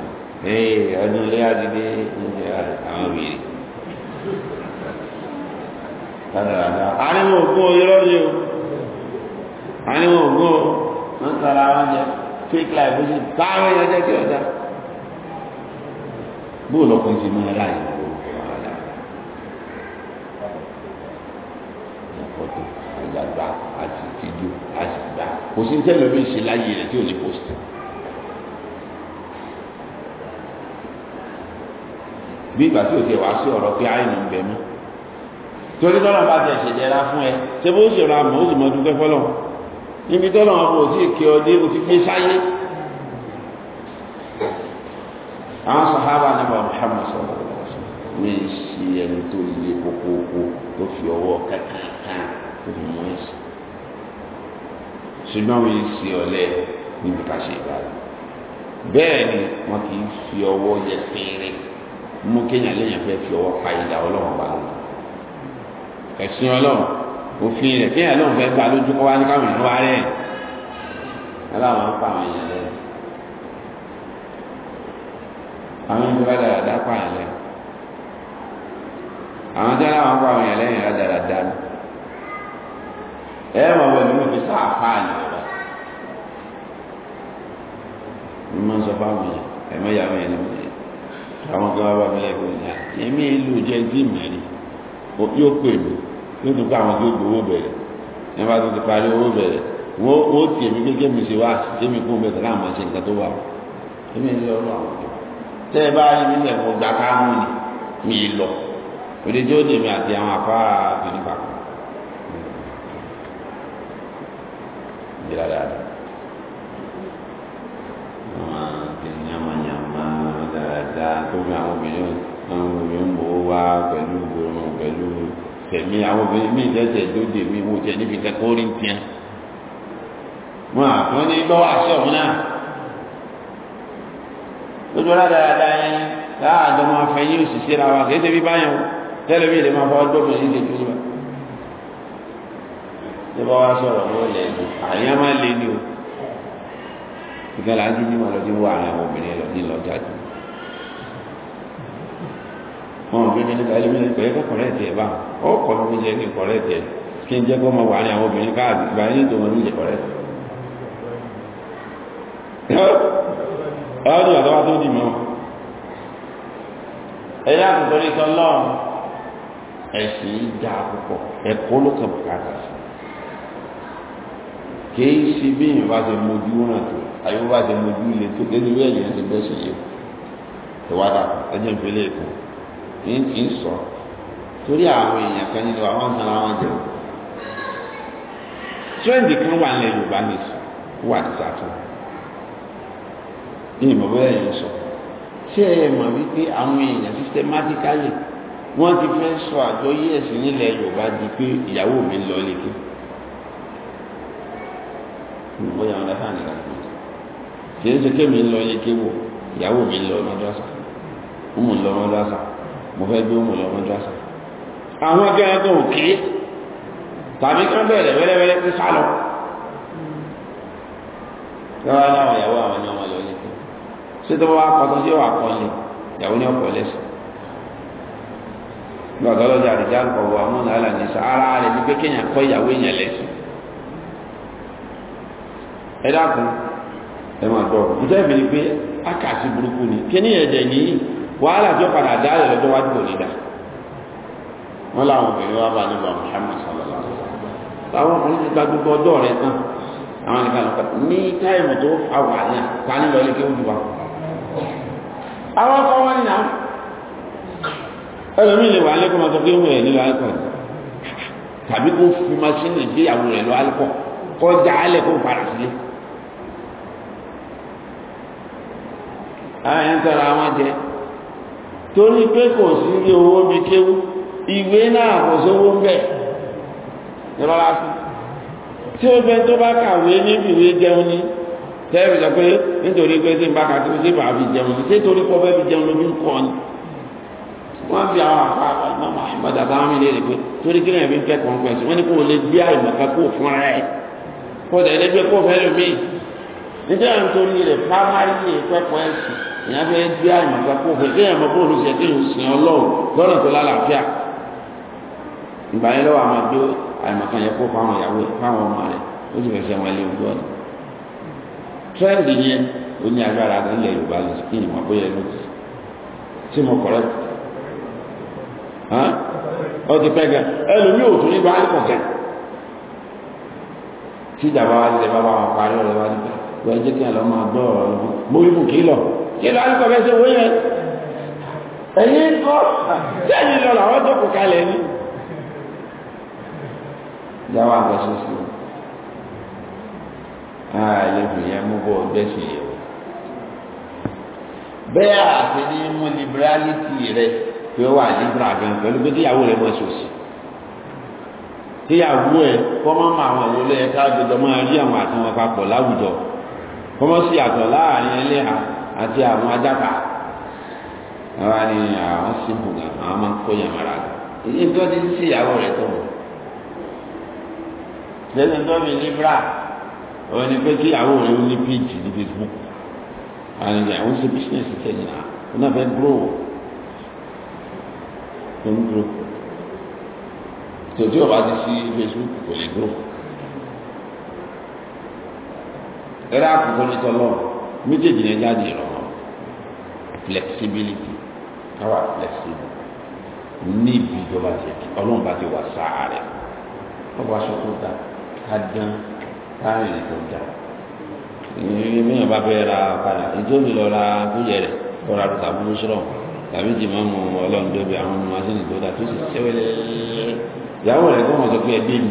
ee ọdún ilé adìdé ǹjẹ́ àwọn wìrì. àníwọ̀n ògùn irọ́ ni o àníwọ̀n ògùn ọ̀ ń sara wọn jẹ fake life ó sì bá àwọn èèyàn jẹ́ kí ọjà bóò lọ́kọ̀ ń ṣe máa ra ìyàwó wàhálà ìyàkọ̀tò àgbàgbà àti tìjú àti gbà kò sí tẹ́lẹ̀ bí ń ṣe láyé rẹ̀ tí ò ní post. bí ìgbà tí ò tiẹ̀ wá sí ọ̀rọ̀ pé àìnà ń bẹ̀ mọ́ torí tọ́lá bá ti ẹ̀ṣẹ̀ jẹ́ra fún ẹ ṣé bó ṣèrò àmọ́ ó sì mọ́ dúpẹ́ fọ́lọ́ níbi tọ́lá wọn kò tí ì kí ọ sáyé ṣùgbọ́n wọn yìí ṣe ọ̀lẹ níbi ká ṣe ìbára bẹ́ẹ̀ ni wọn kì í fi ọwọ́ yẹ fèrè mú kéèyàn léèyàn fẹ́ fi ọwọ́ pa ìdá ọlọ́run bá lọ ẹ̀sìn ọlọ́run òfin rẹ̀ kéèyàn lóun fẹ́ gbà lójú kọ́ wá ní káwọn èèyàn wá rẹ̀ aláwọn ń pa àwọn èèyàn lẹ́nu àwọn ń bá dáradára pa àwọn lẹ́nu àwọn tí aláwọn ń pa àwọn èèyàn lẹ́yìn rádaràdá ẹ̀ mọ̀ wọ́n ní mo fi sáà fáàlì máa ń sọ fáwọn èèyàn ẹ̀mọ́ ìyá àwọn èèyàn lẹ́yìn àwọn kan wá bá mi lẹ́kọ̀ọ́ ìyá èmi ìlú jẹ́ tí mẹ́rin yóò pè mí yóò tún kọ́ àwọn tó gbowó bẹ̀rẹ̀ ẹ̀ bá tó ti parí owó bẹ̀rẹ̀ wọ́n ó tì èmi gẹ́gẹ́ mi ṣe wá tèmi kún bẹ̀rẹ̀ láwọn máa ṣe nǹkan tó wà èmi ń lọ àwọn tẹ́ ẹ bá rí mi lẹ̀ gbà káwọn ni mi lọ òde tí ó dè mí àti àwọn àfa àbẹ̀nípa kan. dáadáa tó fi àwọn obìnrin àwọn obìnrin mò ó wá pẹ̀lú òun pẹ̀lú tẹ̀mí àwọn obìnrin míì dẹ́sẹ̀ lóde mi wò tẹ̀ níbi kẹ́kọ́ orí ń tiẹ́ wọn àtún ní lọ́wọ́ àṣẹ òun náà lójú ọ̀la dáadáa yẹn láàdọ́ máa fẹ́ yín òṣìṣẹ́ ra wa kì í ṣe bí báyọ̀ tẹ́lẹ̀ mi lè máa fọ́ ọdún mi nílé jù lọ. ní wá sọ̀rọ̀ ló lẹ̀ ní àyàn máa lé ní o ìgbàlá ń lọ sí wọ àwọn obìnrin lọ sí lọ wọn gbé ní nípa ẹlẹ́mìnà ìpẹ́ kó kọ̀rẹ́ tiẹ̀ bá ọ kọ́ ló fi jẹ́ kí kọ̀rẹ́ tiẹ̀ kí n jẹ́ kó máa wà ní àwọn obìnrin káàdì ìgbà yín tó wọn ní ìjẹ́ kọ̀rẹ́ tiẹ̀. ọdún àtọwà tó dì mọ́ ẹ̀yà àtúntòrí sọ lọ́ọ̀ ẹ̀sìn yìí dáa púpọ̀ ẹ̀kọ́ ló kàn bùkátà sí kìí ṣe bí èèyàn bá ṣe mojú ràn tó àyè bá ṣe mojú ilé tó kéde bí ẹ̀yìn ṣe gbẹ́sìn yìí ìwádà ẹ̀jẹ̀ ń fi lé ẹ̀kọ́. E ń sọ torí àwọn èèyàn kan nínú àwọn sanra wọn jẹun tírẹ́ǹdì kan wà nílẹ̀ yorùbá nìsọ wà nísàtún ní ìmọ̀ bẹ́ẹ̀ yẹn sọ tí ẹ mọ̀ wípé àwọn èèyàn systematically wọ́n ti fẹ́ sọ àjọyé ẹ̀sìn nílẹ̀ yorùbá di pé ìyàwó mi lọ lékè bóyá wọn lẹ́sàn-án nìkan kì í ṣe kémi ń lọ lékè wò ìyàwó mi lọ mọ́dọ́sà ń mú lọ mọ́dọ́sà mo fẹ́ gbé òmù lọ mọ́dúrásà àwọn gẹ́gẹ́ òkè tàbí kán bẹ̀rẹ̀ wẹ́lẹ́wẹ́lẹ́ pé sálọ lọ́wọ́ láwọn ìyàwó àwọn ni ọmọ lọ́lẹ́ ṣé tó wá kọ́ tó ṣe wà kọ́ lẹ̀ ìyàwó ní ọ̀pọ̀ lẹ́sìn gbàgbọ́ lọ́jà àdìjá ń kọ̀wọ́ àwọn làálà ní sàárà rẹ̀ ní pé kéèyàn kọ́ ìyàwó burúkú ni kí ni ẹ̀jẹ̀ yìí wàhálà tí ó padà dálẹ̀ lọ́jọ́ wájú kò ní dà wọ́n láwọn obìnrin wá bá nígbà Muhammad sallallahu alaihi wasallam táwọn ọkùnrin ti gba gbogbo ọjọ́ rẹ̀ tán àwọn nìkan lọ ní táìmù tó fa wàhálà ta ní lọlé kéwù jù wá. àwọn akọ wọn nà ẹlòmíì lè wà lẹ́kọ̀ọ́ máa sọ pé wọ́n yẹn nílò alẹ́kọ̀ọ́ tàbí kó fi masínì gbéyàwó rẹ̀ lọ alẹ́kọ̀ọ́ kọ́ já alẹ́kọ̀ọ́ padà sílé. àwọn yẹn ń tọrọ àwọn jẹ torí pé kò sí ilé owó bí kéwú ìwé náà kò sówó ń bẹ̀ nípa lásán tí ó fẹ́ tó bá kàwé níbi ìwé jẹun ní tẹ́ẹ̀rì sọ pé nítorí pé tí n bá kà tí mo ṣe bàá fi jẹun ní ṣé torí pọ́ fẹ́ fi jẹun lójú ń kọ́ ni wọ́n fi àwọn àfa àgbà Muhammad àtàwọn mi léèrè pé torí kí lèyìn fi ń kẹ́kọ̀ọ́ pẹ̀ sí wọ́n ní kó o lè gbé àìmọ̀ká kó o fúnra ẹ̀ kó o tẹ̀lé gbé kó o fẹ́ lómi nítorí àwọn torí rẹ̀ primary ẹ̀kọ́ ẹ̀sìn èèyàn fẹ́ gbé àyànfà kó fẹ́ kéèyàn bóòlù ṣe kéèyàn sìn ọlọ́run lọ́nà tó lálàáfíà ìgbà yẹn lọ́wọ́ àmà bí àyànfà kó fáwọn ìyàwó fáwọn ọmọ rẹ̀ ó sì fẹsẹ̀ wọn lé ojú ọ̀nà tírẹ́ǹdì yẹn ó ní agbára gan lẹ̀ yorùbá lọ sí kí wọn bóyá ló ti sí mo kọ̀rẹ́ ọ ti pẹ́ gan ẹlòmíì ò tún ní báyìí kọ̀ gan tí ìjàmbá wa ti lè bá wa parí ọ̀rẹ́ wa nípa wọ́n jẹ́ kí kí ló alùpàá fẹ́ ṣe wọ́n yẹn ẹ̀yìn kọ́ sẹ́yìn lọ làwọn tó kù kalẹ̀ ní. jáwọ́ àgbẹ̀ṣe sí i àlejò ah, yẹn mú bọ́ gbẹ̀ṣe yẹn bẹ́ẹ̀ àti ní mú liberality rẹ̀ pé ó wà libra gan pẹ̀lú pé kíyàwó rẹ̀ mọ̀ ṣòṣì kíyàwó ẹ̀ kọ́mọ́ àwọn ìwọlé ẹ̀ka àgbẹ̀dọ̀ rí àwọn àtàwọn papọ̀ láwùjọ kọ́mọ́ sí àtọ̀ láàrin ẹlẹ́hàá àti àwọn ajáka àwa ni àwọn sínkù gan àwọn máa ń kó yàn mara gan èyí tó ti ń sí ìyàwó rẹ tó lẹ́sìn tó mi libra òun ni pé kí ìyàwó rẹ ó ní péjì ní Facebook àwọn ènìyàn àwọn ṣe business tẹ̀yìn náà wọn náà fẹ́ grow tó ń grow tòtí ọba ti sí Facebook kò lè grow ẹ̀rọ àkùkọ ní tọ́lọ́ọ̀ méjèèjì yẹn jáde ìrànwọ́ flexibility káwà flexible níbi ìjọba ti ẹ̀kí ọlọ́run bá ti wà sáà rẹ̀ wọ́n wá aṣọ tó da ká dán táàrin tó da míyàn bá fẹ́ ra padà ìjọ mi lọ ra kúyẹ rẹ̀ lọ́ra tó tàbí mọ́ṣọ́rọ̀ tàbí jìmọ́ mu ọlọ́run tó bí àwọn ọmọ asínì tó da tó sì sẹ́wẹ́lẹ́ ìyàwó rẹ̀ kọ́ mọ̀ sọ pé ẹbí mi.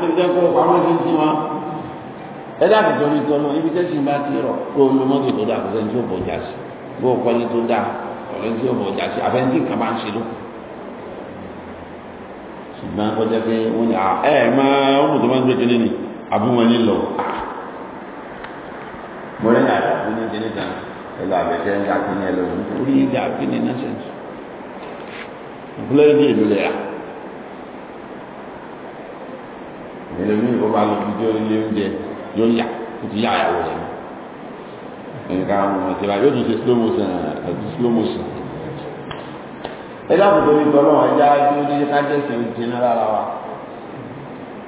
lè jẹ́ kó pamọ́ sí sí wọn ẹ dàbí tó ní tọ́nà ibi tẹ́sí bá ti rọ̀ kó omi mọ́tò tó dàbí sẹ́ni tí ó bọ̀ jà sí bó kọ́lé tó dà ọ̀rẹ́ tí ó bọ̀ jà sí àfẹ́ntì kan bá ń ṣe ló. ṣùgbọ́n kọjá pé wọ́n ní ẹ máa ọmọ tó máa ń gbé kínní ni àbúwọn ní lọ. mo náà ẹlòmíì bó bá lọ fi tí ó lé oúnjẹ yóò yà ó ti yà àyàwó rẹ̀ nǹkan àwọn ọmọ ìjọba yóò tún ṣe slow motion àti slow motion. ẹ dákun tó ní tọ́lọ́ ẹja dúró ní kájẹ́sì ń jẹ́ náírà la wa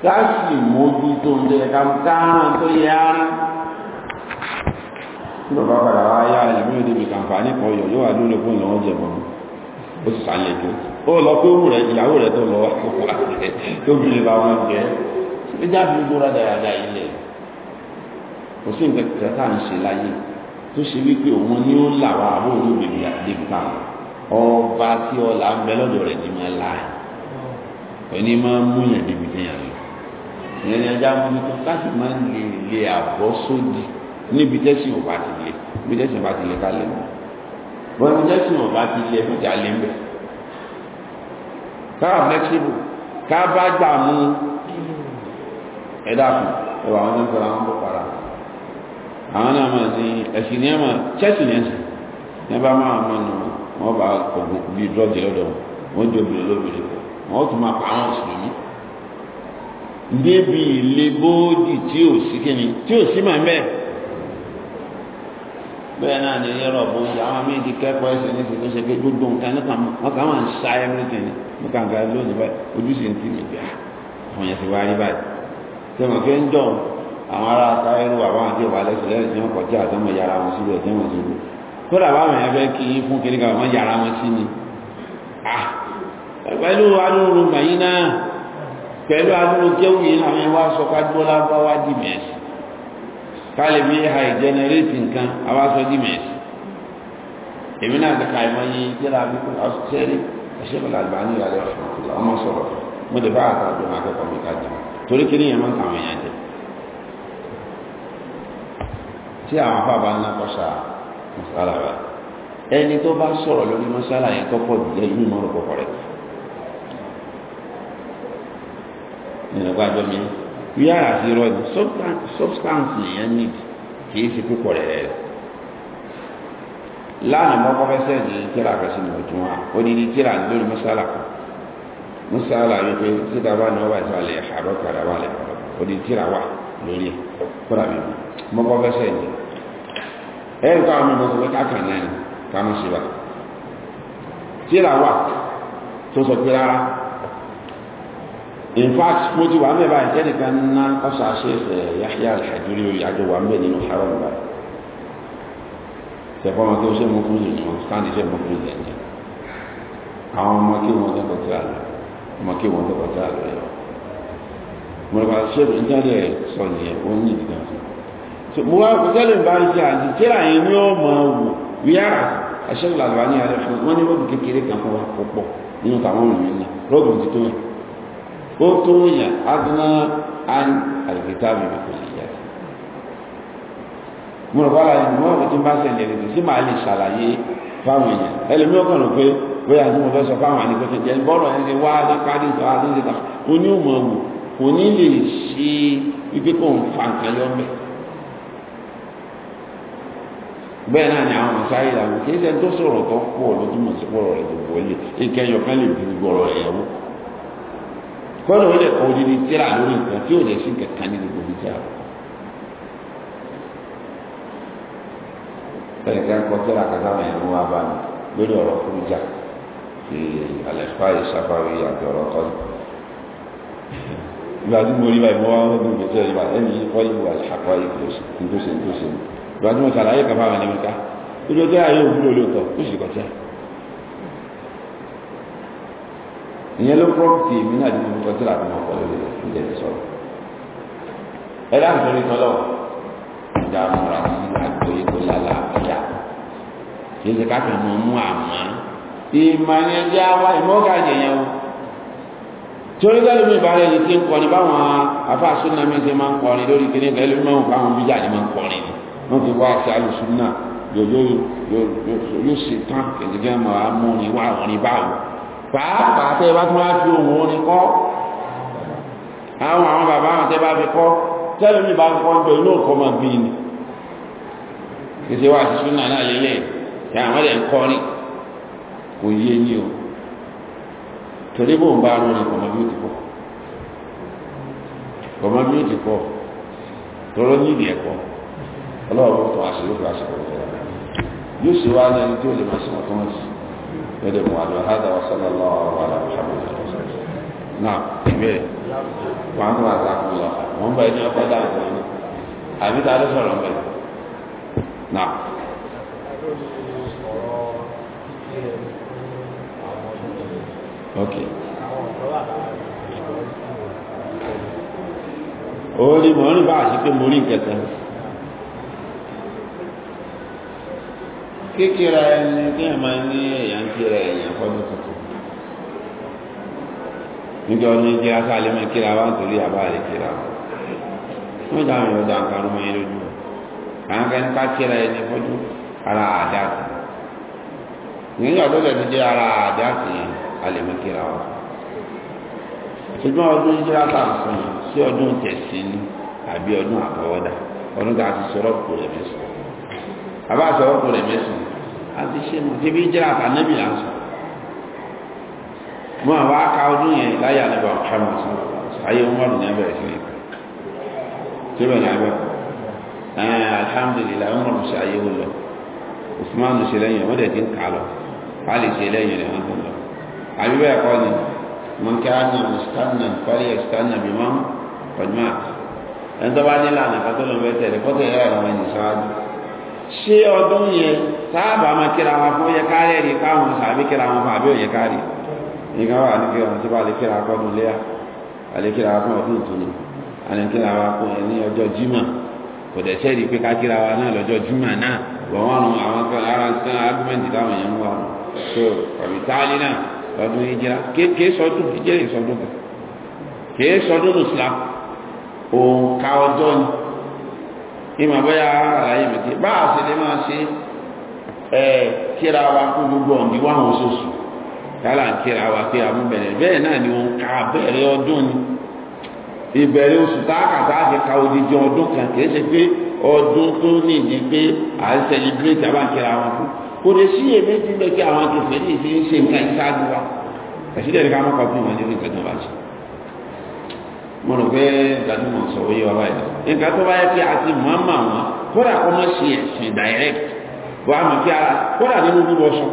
ká sì mójú tó ń jẹ ká káàrán tó yẹ ara tí bàbá padà wá yá ẹlòmíì ò débi kàǹfààní kan yọ yóò wá lórí fún ìnáwó jẹ mọ́ ó sì sálẹ̀ tó ó lọ pé òun rẹ̀ ìyàwó rẹ̀ tó lọ wá tó bìnrin bá wọn jẹ́ ẹjẹ́ àdúgbò rádaràdà ilẹ̀ kò sí nǹkan kan tá à ń ṣe láyé tó ṣe wípé òun ni ó là wá àwọn olóògbé àdébù kan ọba tí ọlà ń bẹ lọ́dọ̀ rẹ̀ ní máa là ẹni máa ń múyàn débi téèyàn lọ ìyẹn ni ajá mú tó káàsì máa ń lè lè àbọ̀ sódì níbi tẹ́sìn ọba ti lè níbi tẹ́sìn ọba ti lè ká lè mọ́ bọ́n níbi tẹ́sìn ọba ti lè fún ìjà lè ń bẹ̀ ká flexible ká bá gbà mú ẹ̀dá kù ẹwà àwọn tó ń sọ̀rọ̀ àwọn boko haram àwọn náà máa ní ẹ̀sìn ní ẹ̀mà chẹ́sì ní ẹ̀sìn ní ẹ̀bá máa máa nù wọ́n bá oògùn bíi drọ́ọ̀gì lọ́dọ̀ wọ́n ndebi obìnrin ti kẹ́kọ̀ọ́ ẹsẹ̀ ní ti tó ṣe pé gbogbo nǹkan nípa wọn kà máa ń tí wọ́n fi ń dọ̀ àwọn ará táyẹ̀rù àwọn àti ìwà lẹ́sìn lẹ́yìn tí wọ́n kọ̀ tí yàrá wọn síbẹ̀ tí wọ́n ti wù kódà báwọn yẹn fẹ́ kí fún kiri kan wọ́n yàrá wọn sí ni pẹ̀lú alóòrò màyí náà pẹ̀lú alóòrò kéwù yìí náà wá sọ kájúọ́lá bá wá dì mẹ́sì ká lè fi ha ìjẹnẹrétì nǹkan àwa sọ dì mẹ́sì èmi náà ti ka ìmọ̀ yìí jẹ́ra bí kò ọ̀sẹ̀ rí ẹ̀ṣẹ́ bọ̀lá àgbà ní ìyàlẹ́ ọ̀ṣun ọmọ sọ̀rọ̀ mo lè bá àtàdùn akẹ́kọ̀ọ́ mi ká jẹun torí kí ni yẹn máa ń tàwọn èèyàn jẹ tí àwọn afá bá ń ná kọ́sà mọ́sálà rẹ̀ ẹni tó bá sọ̀rọ̀ lórí mọ́sálà yẹn tó pọ̀ jù lẹ́ inú mọ́rọ̀ kọ̀kọ̀ rẹ̀ nínú gbájọ́ mi wíyá àti irọ́ ni substance nìyẹn need kì í ṣe púpọ̀ rẹ̀ rẹ̀ láàrín mọ́kọ́ fẹ́ sẹ́yìn kíra kẹsì ní ojúmọ́ onídìí kíra lórí mọ́sálà kan musa alayi pé síta bá náà wà tí wà lè àárọ̀ padà wà lè òdi tíra wà lórí kóra mi mọ́kọ́ fẹ́sẹ̀ yìí ẹ̀rù káwọn mímọ́ sọ pé káàkà náà ni kánú ṣe wà tíra wà tó sọ pé rárá in fact mo ti wà ń bẹ̀ báyìí kẹ́nìkan ná ọ̀sà ṣe ṣe Yahya al-Hajuri àjọ wà ń bẹ̀ nínú haram báyìí sẹ̀fọ́n ọmọ kí ṣe mú fún yìí wọn ṣe mú fún yìí ẹ̀jẹ̀ àwọn ọmọ kí wọn tó tíra lọ ọmọ kí wọ́n tọ́kọ̀ sáà rẹ̀ lọ mọ̀lẹ́kọ̀ ṣẹ́bù ń jáde sọ nìyẹn ó ní ìdí kan sí mo wá kò tẹ́lẹ̀ bá ń jẹ́ àti tíra yẹn ní ọmọ wò wíyára aṣẹ́bù làlùbá ní alẹ́ fún wọn ní rọ́ọ̀bù kékeré kan fún wa kó pọ̀ nínú tàwọn ọ̀rùn yẹn náà rọ́ọ̀bù ti tó yẹn ó tó yẹn adúná án àlùkìtà mi kò lè yẹ mọ̀lẹ́kọ̀ àlàyé mọ̀lẹ́kọ̀ tí ń bá ṣẹlẹ̀ nìkan sí màá lè ṣàlàyé fáwọn èèyàn ẹlòmí ọkàn rò pé bóyá tí mo fẹ́ sọ fáwọn àní pẹ́kẹ́ jẹ́ bọ́ọ̀rọ̀ ẹ̀ ṣe wá lápárí ìtọ́ àdúgbò oní òmò wò kò ní lè ṣe wípé kò ń fa nǹkan yọ mẹ́ bẹ́ẹ̀ náà ni àwọn ọ̀sá ìyàwó kì í ṣe tó sọ̀rọ̀ tó pọ̀ lọ́túnmọ̀ sí pọ̀rọ̀ rẹ̀ tó pọ̀ lè ìkẹyọ̀ kan lè fi gbọ̀rọ̀ ẹ̀yàwó kọ́nà ó lè kọ́ odidi tíra lórí nǹkan tí ò ẹnìkan kọ tẹ́lá kàtà àwọn ẹ̀rọ wa bá mi lórí ọ̀rọ̀ kúrújà ti àlẹ́fà ìṣàfàwí àti ọ̀rọ̀ kọ́ ìgbà tí mo rí báyìí mo wá wọ́n bí mo tẹ́lẹ̀ ìgbà ẹni yìí kọ́ ìwà àṣàkọ́ ìkòsí nítòsí ìgbà tí mo ṣàlàyé kan fáwọn ẹni ká lójó tẹ́lá yóò wúlò lóòótọ́ ó sì kọ́ tẹ́ ìyẹn ló prọ́pùtì mi náà dínú kọ́ tẹ́lá fún ọkọ̀ lórí rẹ̀ ń jẹ́ sọ̀rọ̀ ẹ dáhùn torí tọ́lọ̀ ìjà múra sí ìgbà àgbọ́yé tó lálàáfíà yóò ṣe káàkiri mọ mú àmọ́ ìmọ̀ni ẹjẹ́ wa ìmọ̀ọ́gà jẹ̀yàn o tí orí tẹ́lẹ̀ mi ìbára ẹni tí ń kọrin báwọn afáàsúnà mi ṣe máa ń kọrin lórí kíní kan ẹlẹ́mí máa ń fáwọn bíjà ni máa ń kọrin wọ́n fi wá sí alùsùnà yóò ṣe tán kẹ̀kẹ́ máa mú ni wá òrin báwọn pàápàá tẹ́ bá tún wá fi ohun orin kọ́ àwọn àwọn bàbá àwọn tẹ́ bá fi kọ́ tẹ́lẹ̀ mi bá fi kọ́ ń jọ inú ọkọ̀ máa ni kété wá sí súnà náà lélẹ̀ tí àwọn ẹ̀dẹ̀ ń kọrin kò yé ní o torí bóun bá rún ni kọ̀mọ́ bí ó ti pọ̀ kọ̀mọ́ bí ó ti pọ̀ tọrọ nídìí ẹ̀kọ́ ọlọ́run tó àṣírí fún àṣírí fún ẹ̀rọ yóò ṣe wá lẹ́nu tí ó lè máa ṣe wọ́n tó wọ́n sí lọ́dẹ̀ mú àdó hádà ọ̀sán lọ́wọ́ àlọ́ àbúrò náà ìbéèrè wọn á tún àtàkùn lọ wọn bá ẹni ọkọ dáhùn àbí ta ló sọ̀rọ̀ mẹ́rin náà. okay. ó ní mọ̀ ní bá àṣẹ pé mo rí nkẹta kékeré ẹni kí ẹ máa ní ẹ̀yà ń kíra ẹ̀yà fọ́dún tuntun níjọ ní kí a sáà lè máa kíra wá nítorí àbá rẹ̀ kíra wọ́n dáhùn ọ̀dà nǹkan ọmọ yẹn lójú àwọn kan ká kíra ẹni fọ́jú ara àdáàtì nígbà tó lẹ́nu jẹ́ ara àdáàtì yẹn a lè mú kíra wa ṣùgbọ́n ọdún ìjírá tà fún yìí sí ọdún tẹ̀sìn ni àbí ọdún àtọwọ́dá ọdún tá a ti sọ̀rọ̀ kù rẹ̀ mẹ́sàn àbá sọ̀rọ̀ kù rẹ̀ mẹ́sàn a ti ṣe mọ̀ síbi ìjírá tà nẹ́bì là ń sọ mọ́ àwọn aka ọdún yẹn láyé àlẹ́bà ọ̀hánmọ̀ sọ ayé wọn wà lónìí abẹ́rẹ́ sí ní ìpẹ́ tí ó bẹ̀rẹ̀ abẹ́rẹ́ alhamdulilayi ọmọ mi ṣe ayé wọn lọ usman ṣe lẹ́yìn ọmọdé ti ń kà lọ ali ṣe lẹ́yìn rẹ̀ wọn lọ àbíbẹ ẹkọ ni wọn kí á nà mùsùlùmí kọlí ẹsùlùmí bí wọn pọjúmọ ẹni tó bá ní lànà kátó ló ń bẹ tẹ́lẹ̀ kótó yẹ ẹ̀rọ wọn ìṣáájú ṣé ọdún yẹn sábà máa kíra wọn fún yẹ káàrí ẹni káwọn sàbí kíra wọn fún àbí òye káàrí nǹkan wà ní kíra wọn tí bá lè kíra kọ́ ọdún léyà àlè kíra wọn fún ọdún ìtùnú àlè kíra wọn fún ẹni ọjọ́ jímọ̀ kò dẹ̀ sẹ́ẹ̀rì pé kákìrà wa náà lọ́jọ́ júmọ̀ náà wọ́n wọn nu àwọn kan ara kan argument táwọn èèyàn ń wà nù so ọ̀bì táàlì náà ọdún ìjìlá kéé sọdún ìjìlá ìsọdún kan kéé sọdún Islam òǹkà ọjọ́ ni ìmọ̀ bóyá àlàyé mi ti bá a sì lè máa ṣe kíra wa kú gbogbo ọ̀dí wáhùn oṣooṣù yálà ń kíra wa pé àmúbẹ̀rẹ̀ bẹ́ẹ̀ náà ni òǹkà bẹ̀rẹ̀ ọdún ni ìbẹ̀rẹ̀ oṣù táàkàtà àti ka odidi ọdún kan kìí ṣe pé ọdún tó ní ìdí pé à ń sẹlẹbírẹ́tì abáǹkẹ́ra wọn fún kò lè sí èméjì bẹ́ẹ̀ kí àwọn akẹ́fẹ́ ní ìfi ń ṣe nǹkan ìṣáájú wa ẹ̀sídẹ̀ ní ká má kọ́ fún ìwọ̀n nínú ìkàtà bá ṣe. mo rò pé gbajúmọ̀ sọ oyé wa báyìí nǹkan tó bá yẹ kí a ti mọ̀ mọ̀ wọn kódà kó má ṣe ẹ̀sìn direct wà á mọ̀ kí ara kódà nínú bíbọ̀ sọ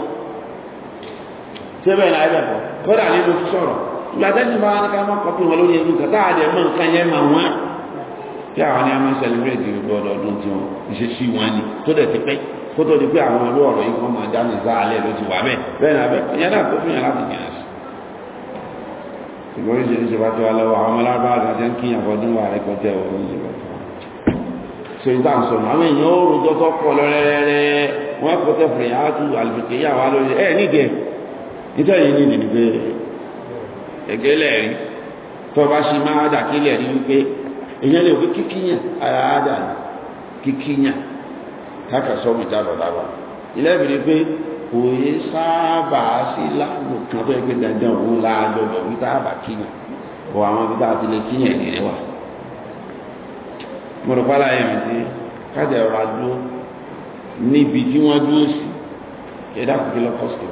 gbàtẹ́sì bá wọn ká má kọ́pì wọn lórí ẹnu kàtà àdẹ mọ́ nǹkan yẹn mà wọ́n tí àwọn ní a máa sẹlẹ̀bírẹ̀tì gbogbo ọdọọdún tí wọn ìṣesí wọn ni tó dẹ̀ ti pẹ́ kó tó di pé àwọn ọlọ́ ọ̀rọ̀ yìí kan máa dáná ìzá alẹ́ ló ti wà bẹ́ẹ̀ bẹ́ẹ̀ ni abẹ́ ìyẹn náà tó fún yàn láti yàn sí. ṣùgbọ́n oríṣiríṣi bá tó wà lọ́wọ́ àwọn ọmọ alábàá àti àti kíyàn fọdún wà rẹ kọjá òun yìí lọ. ṣe ń tàn sọ̀rọ̀ àwọn èèyàn ó ẹ̀gẹ́ lẹ́ẹ̀rí tó bá ṣe máa dà kí lẹ́ẹ̀rí wípé èèyàn lè wípé kíkíyàn ara ádà kíkíyàn káàkà sọ́mù jábọ̀ lábà ilẹ́bìnrin pé kò yé sábà sí láàbò kan tó ẹgbẹ́ dandan òun láàjọ lọ wí táàbà kíyàn bọ̀ àwọn ibi tá a ti lè kíyàn ìrìn wa mo rò pálá ti kájà ọ̀rọ̀ adúró níbi tí wọ́n dúró sí ẹ̀dá kòkè lọ́kọ̀ọ́sì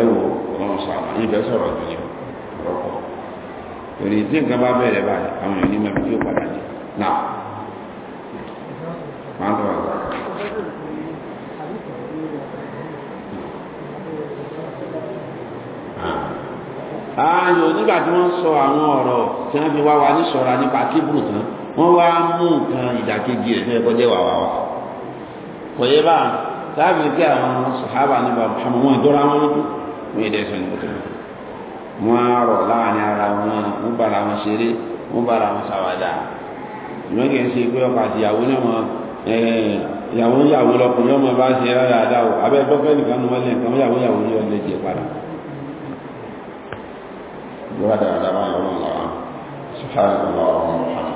ẹ̀wọ̀ ọlọ́run sàmà ibẹ̀ sọ̀rọ̀ jù ní ọ̀pọ̀ torí tí nǹkan bá bẹ̀rẹ̀ báyìí àwọn èèyàn ní mẹ́rin tí padà dé náà máa ń tọ́ àgbà. ààyò nígbà tí wọ́n sọ àwọn ọ̀rọ̀ tí wọ́n fi wá wa ní sọ̀ra nípa kíbrù tán wọ́n wá mú nǹkan ìdàkejì rẹ̀ fún ẹ̀kọ́ jẹ́ wàwà wa kò yẹ báà sábìlì kí àwọn sàhábà nípa Muhammad wọn ìjọra wọn lójú wọ́n yẹ dẹ́sẹ̀ nìkan kan wọ́n á rọ̀ láàrin ara wọn wọ́n bára wọn ṣeré wọ́n bára wọn ṣàwàdà ìwọ́n kì í ṣe pé ọkọ àti ìyàwó náà wọn ìyàwó ìyàwó lọkùnrin ọmọ bá ṣe rárá dáwò abẹ́ gbọ́fẹ́ nìkan ní wọ́n lè nǹkan ìyàwó ìyàwó ní ọlẹ́ jẹ padà ìjọba dáadáa bá yọrọ ńlá sùfàrà ìgbàlá ọ̀rọ̀ mọ̀hánà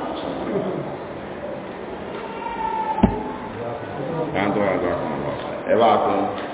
ẹ̀bá àtún